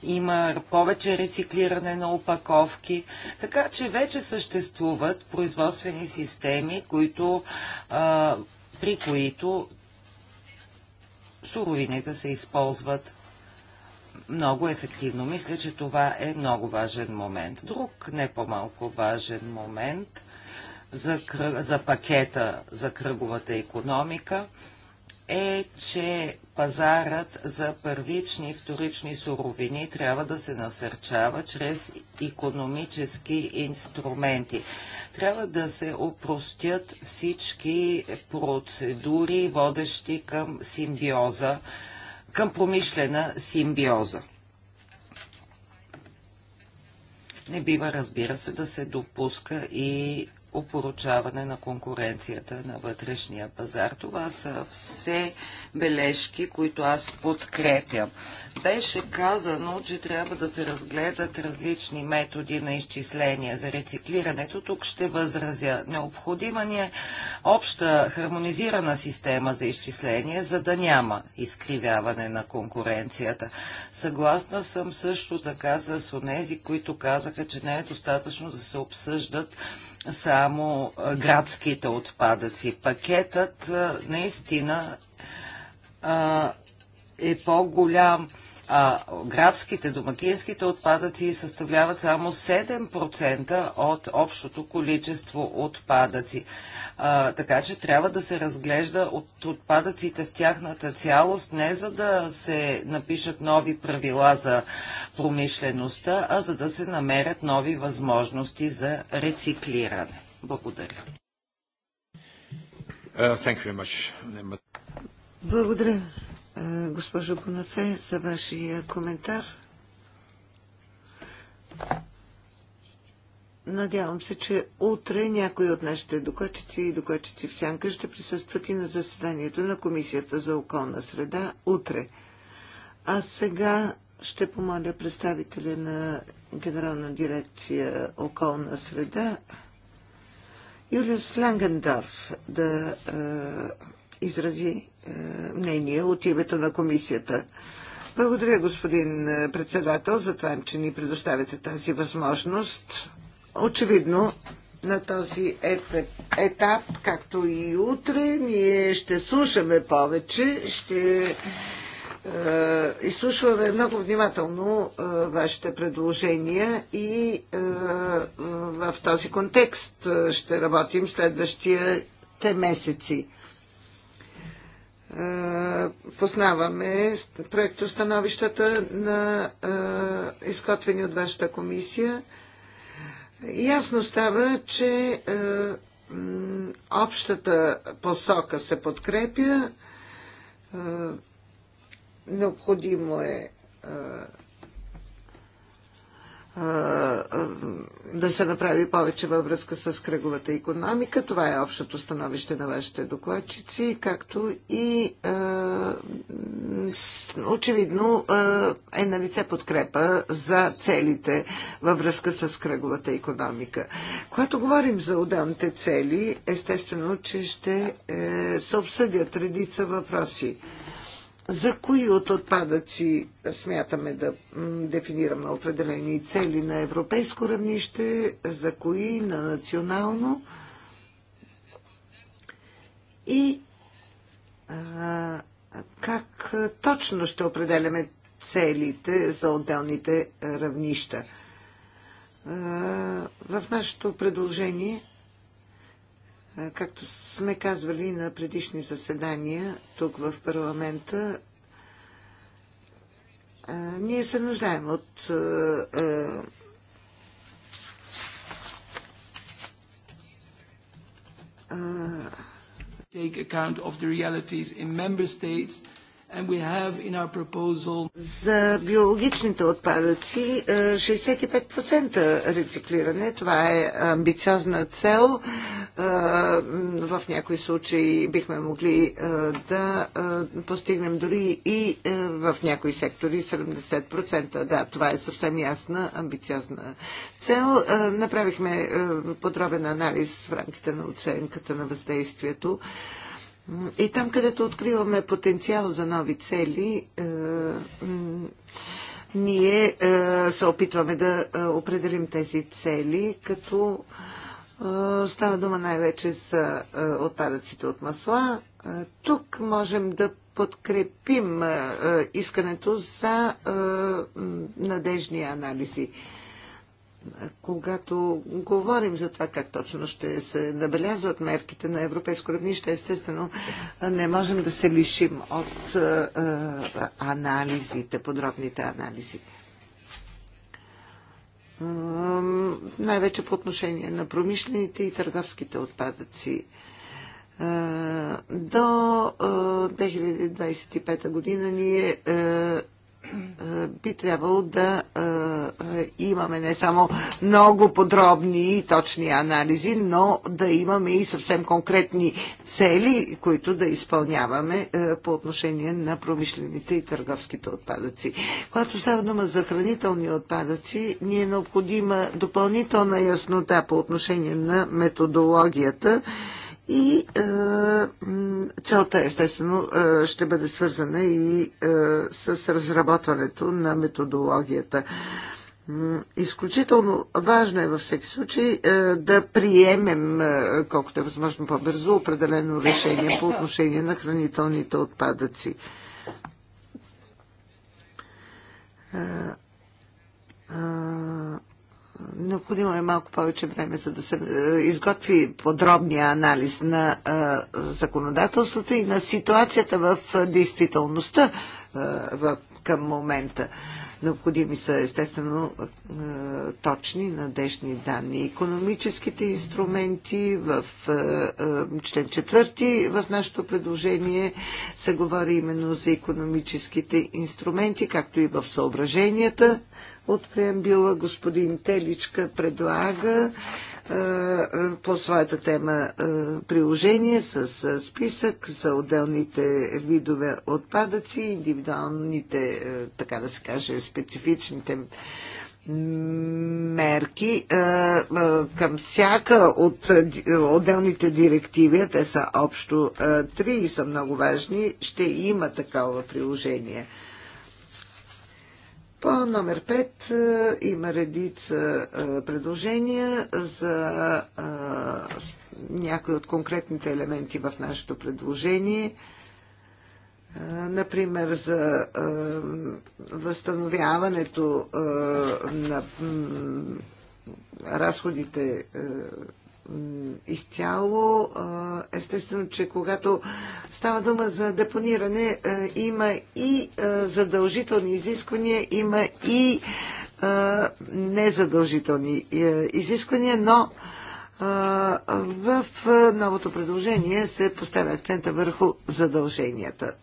има повече рециклиране на опаковки, така че вече съществуват производствени системи, които, а, при които суровините се използват много ефективно. Мисля, че това е много важен момент. Друг не по-малко важен момент за, кръ... за пакета за кръговата економика – е, че пазарът за първични и вторични суровини трябва да се насърчава чрез економически инструменти. Трябва да се опростят всички процедури, водещи към симбиоза, към промишлена симбиоза. Не бива, разбира се, да се допуска и опоручаване на конкуренцията на вътрешния пазар. Това са все бележки, които аз подкрепям. Беше казано, че трябва да се разгледат различни методи на изчисление за рециклирането. Тук ще възразя. Необходима ни е обща хармонизирана система за изчисление, за да няма изкривяване на конкуренцията. Съгласна съм също така с онези, които казаха, че не е достатъчно да се обсъждат само градските отпадъци. Пакетът наистина е по-голям а градските, домакинските отпадъци съставляват само 7% от общото количество отпадъци. А, така че трябва да се разглежда от отпадъците в тяхната цялост, не за да се напишат нови правила за промишлеността, а за да се намерят нови възможности за рециклиране. Благодаря. Uh, Благодаря. Е, госпожо Бонафе, за вашия коментар. Надявам се, че утре някои от нашите докладчици и докладчици в Сянка ще присъстват и на заседанието на Комисията за околна среда утре. А сега ще помоля представителя на Генерална дирекция околна среда Юлиус Лангендорф да е, изрази е, мнение от името на комисията. Благодаря, господин е, председател, за това, че ни предоставяте тази възможност. Очевидно, на този етап, както и утре, ние ще слушаме повече, ще е, изслушваме много внимателно е, вашите предложения и е, в този контекст е, ще работим следващия месеци. Е, познаваме проектостановищата на е, изготвени от вашата комисия. Ясно става, че е, общата посока се подкрепя. Необходимо е да се направи повече във връзка с кръговата економика. Това е общото становище на вашите докладчици, както и очевидно е на лице подкрепа за целите във връзка с кръговата економика. Когато говорим за отделните цели, естествено, че ще е, се обсъдят редица въпроси за кои от отпадъци смятаме да дефинираме определени цели на европейско равнище, за кои на национално и а, как точно ще определяме целите за отделните равнища. А, в нашето предложение Както сме казвали на предишни заседания тук в парламента, ние се нуждаем от take account of the realities in member states за биологичните отпадъци 65% е, рециклиране. Това е амбициозна цел. Е, в някои случаи бихме могли е, да постигнем дори и в някои сектори 70%. Да, това е съвсем ясна амбициозна цел. Направихме подробен анализ в рамките на оценката на въздействието. И там, където откриваме потенциал за нови цели, е, ние е, се опитваме да е, определим тези цели, като става дума най-вече за отпадъците от масла. Тук можем да подкрепим искането за надежни анализи когато говорим за това как точно ще се набелязват мерките на европейско равнище, естествено не можем да се лишим от анализите, подробните анализи. Най-вече по отношение на промишлените и търговските отпадъци. До 2025 година ние е, би трябвало да е, е, имаме не само много подробни и точни анализи, но да имаме и съвсем конкретни цели, които да изпълняваме по отношение на промишлените и търговските отпадъци. Когато става дума за хранителни отпадъци, ни е необходима допълнителна яснота по отношение на методологията и е, целта, естествено, е, ще бъде свързана и е, с разработването на методологията. Изключително важно е във всеки случай е, да приемем, е, колкото е възможно по-бързо, определено решение по отношение на хранителните отпадъци. Е, е Необходимо е малко повече време, за да се е, изготви подробния анализ на е, законодателството и на ситуацията в действителността е, към момента. Необходими са, естествено, точни, надежни данни. Економическите инструменти в член четвърти в нашето предложение се говори именно за економическите инструменти, както и в съображенията от преамбила. Господин Теличка предлага е, е, по своята тема е, приложение с списък за отделните видове отпадъци, индивидуалните, така да се каже, специфичните мерки към всяка от отделните директиви, те са общо три и са много важни, ще има такова приложение. По номер 5 е, има редица е, предложения за е, някои от конкретните елементи в нашето предложение. Например, за възстановяването на разходите изцяло. Естествено, че когато става дума за депониране, има и задължителни изисквания, има и незадължителни е, изисквания, но в новото предложение се поставя акцента върху задълженията.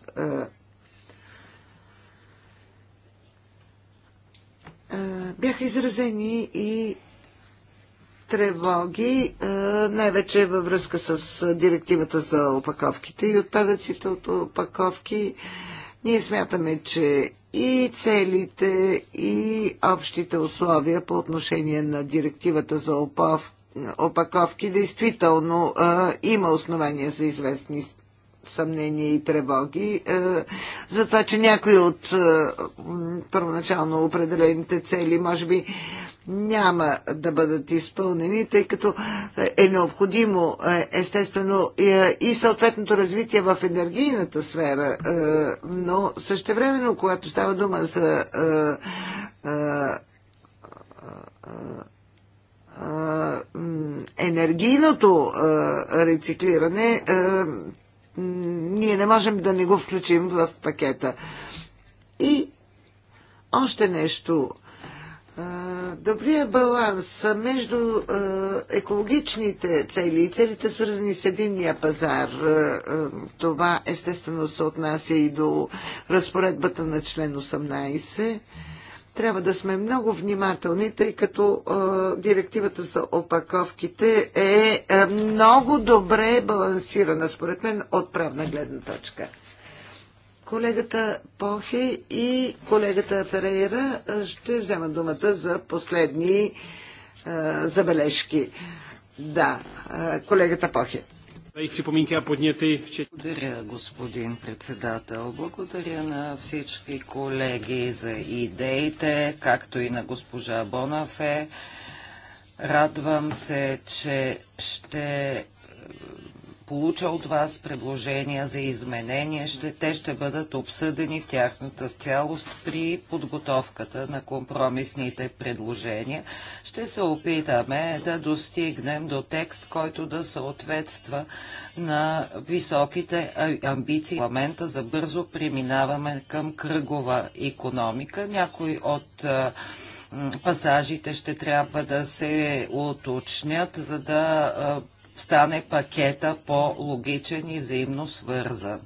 Бяха изразени и тревоги, най-вече във връзка с директивата за опаковките и отпадъците от опаковки. Ние смятаме, че и целите, и общите условия по отношение на директивата за опаковки действително има основания за известни съмнения и тревоги за това, че някои от първоначално определените цели, може би, няма да бъдат изпълнени, тъй като е необходимо е, естествено е, и съответното развитие в енергийната сфера, е, но същевременно, когато става дума за енергийното рециклиране, ние не можем да не го включим в пакета. И още нещо добрия баланс между е, екологичните цели и целите свързани с единния пазар, е, е, това естествено се отнася и до разпоредбата на член 18, трябва да сме много внимателни, тъй като е, директивата за опаковките е, е много добре балансирана, според мен, от правна гледна точка. Колегата Похи и колегата Ферейра ще вземат думата за последни забележки. Да, колегата Похи. Благодаря, господин председател. Благодаря на всички колеги за идеите, както и на госпожа Бонафе. Радвам се, че ще получа от вас предложения за изменения. Ще, те ще бъдат обсъдени в тяхната цялост при подготовката на компромисните предложения. Ще се опитаме да достигнем до текст, който да съответства на високите амбиции момента за бързо преминаваме към кръгова економика. Някой от пасажите ще трябва да се уточнят, за да стане пакета по-логичен и взаимно свързан.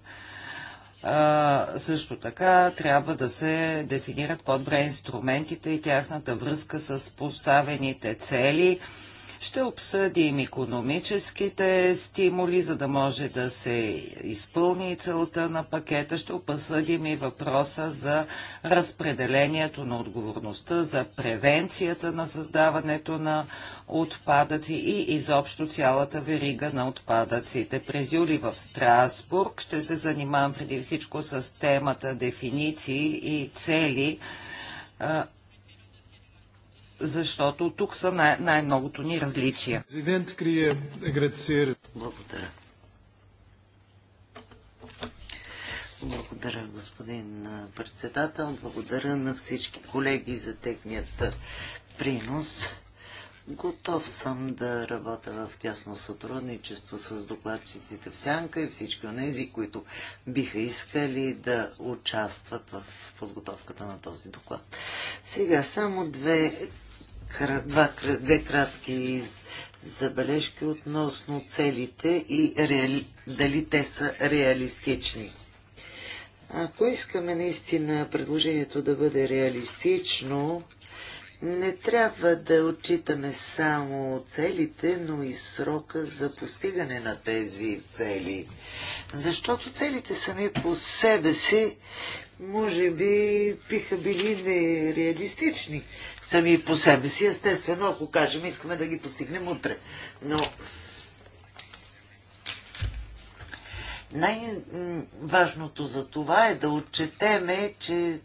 А, също така трябва да се дефинират по-добре инструментите и тяхната връзка с поставените цели – ще обсъдим економическите стимули, за да може да се изпълни целта на пакета. Ще обсъдим и въпроса за разпределението на отговорността, за превенцията на създаването на отпадъци и изобщо цялата верига на отпадъците. През юли в Страсбург ще се занимавам преди всичко с темата дефиниции и цели защото тук са най- най-многото ни различия. Крие Благодаря. Благодаря, господин председател. Благодаря на всички колеги за техният принос. Готов съм да работя в тясно сътрудничество с докладчиците в Сянка и всички от тези, които биха искали да участват в подготовката на този доклад. Сега само две два, две кратки забележки относно целите и реали... дали те са реалистични. Ако искаме наистина предложението да бъде реалистично, не трябва да отчитаме само целите, но и срока за постигане на тези цели. Защото целите сами по себе си може би биха били нереалистични сами по себе си. Естествено, ако кажем, искаме да ги постигнем утре. Но най-важното за това е да отчетеме, че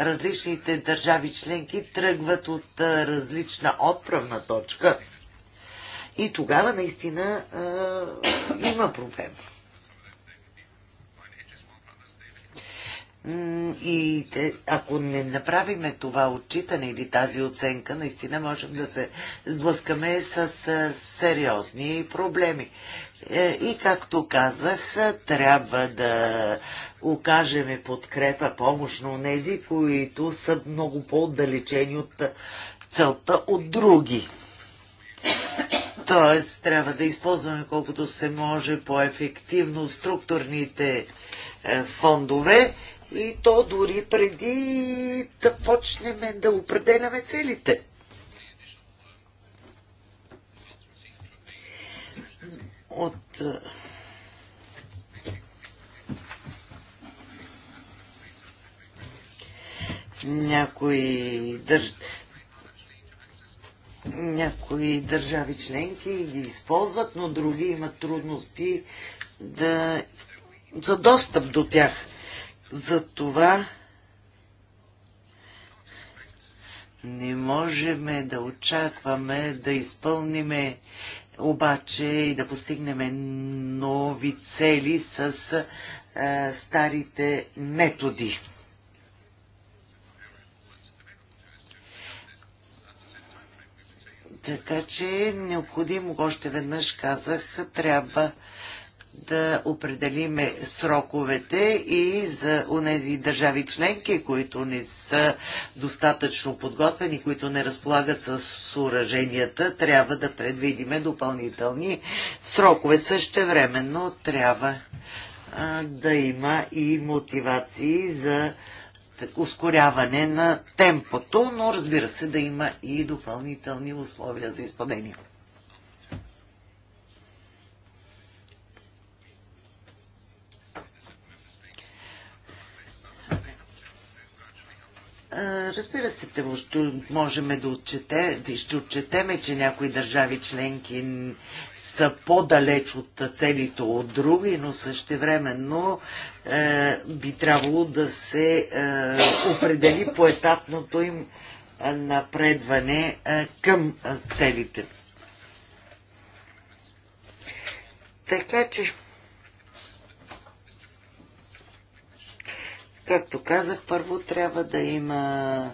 различните държави членки тръгват от различна отправна точка. И тогава наистина а, има проблем. И ако не направиме това отчитане или тази оценка, наистина можем да се сблъскаме с сериозни проблеми. Е, и както казах, трябва да окажеме подкрепа, помощ на тези, които са много по-отдалечени от целта от други. Тоест, трябва да използваме колкото се може по-ефективно структурните е, фондове и то дори преди да почнем да определяме целите. От някои държ... някои държави членки ги използват, но други имат трудности да... за достъп до тях. За това не можем да очакваме да изпълниме обаче и да постигнем нови цели с а, старите методи. Така че необходимо, още веднъж казах, трябва да определиме сроковете и за онези държави членки, които не са достатъчно подготвени, които не разполагат с съоръженията, трябва да предвидиме допълнителни срокове. Същевременно трябва да има и мотивации за ускоряване на темпото, но разбира се да има и допълнителни условия за изпадение. Разбира се, те можем да отчете, да ще отчетеме, че някои държави членки са по-далеч от целите от други, но същевременно е, би трябвало да се е, определи поетапното им е, напредване е, към е, целите. Така че Както казах, първо трябва да има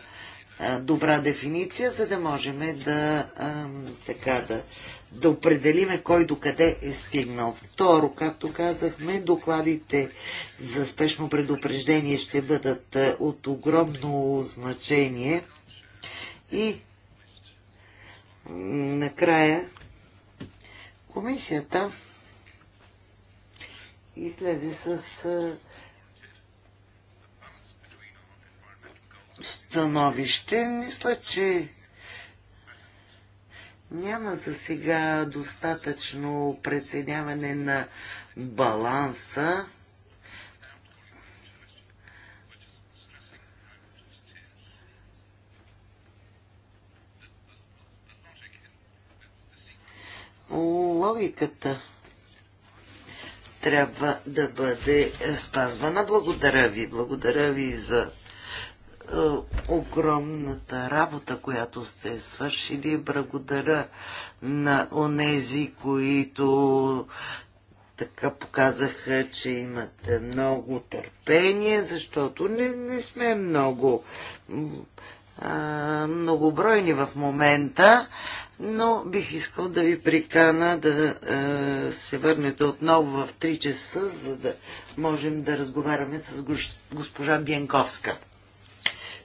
добра дефиниция, за да можем да, така, да, да определиме кой докъде е стигнал. Второ, както казахме, докладите за спешно предупреждение ще бъдат от огромно значение. И накрая комисията излезе с становище. Мисля, че няма за сега достатъчно преценяване на баланса. Логиката трябва да бъде спазвана. Благодаря ви. Благодаря ви за е, огромната работа, която сте свършили. Благодаря на онези, които така показаха, че имате много търпение, защото не, не сме много а, многобройни в момента, но бих искал да ви прикана да а, е, се върнете отново в 3 часа, за да можем да разговаряме с госпожа Бянковска.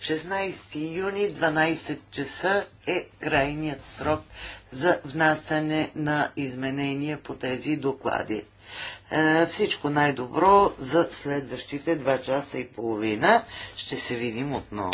16 юни 12 часа е крайният срок за внасяне на изменения по тези доклади. Е, всичко най-добро за следващите 2 часа и половина. Ще се видим отново.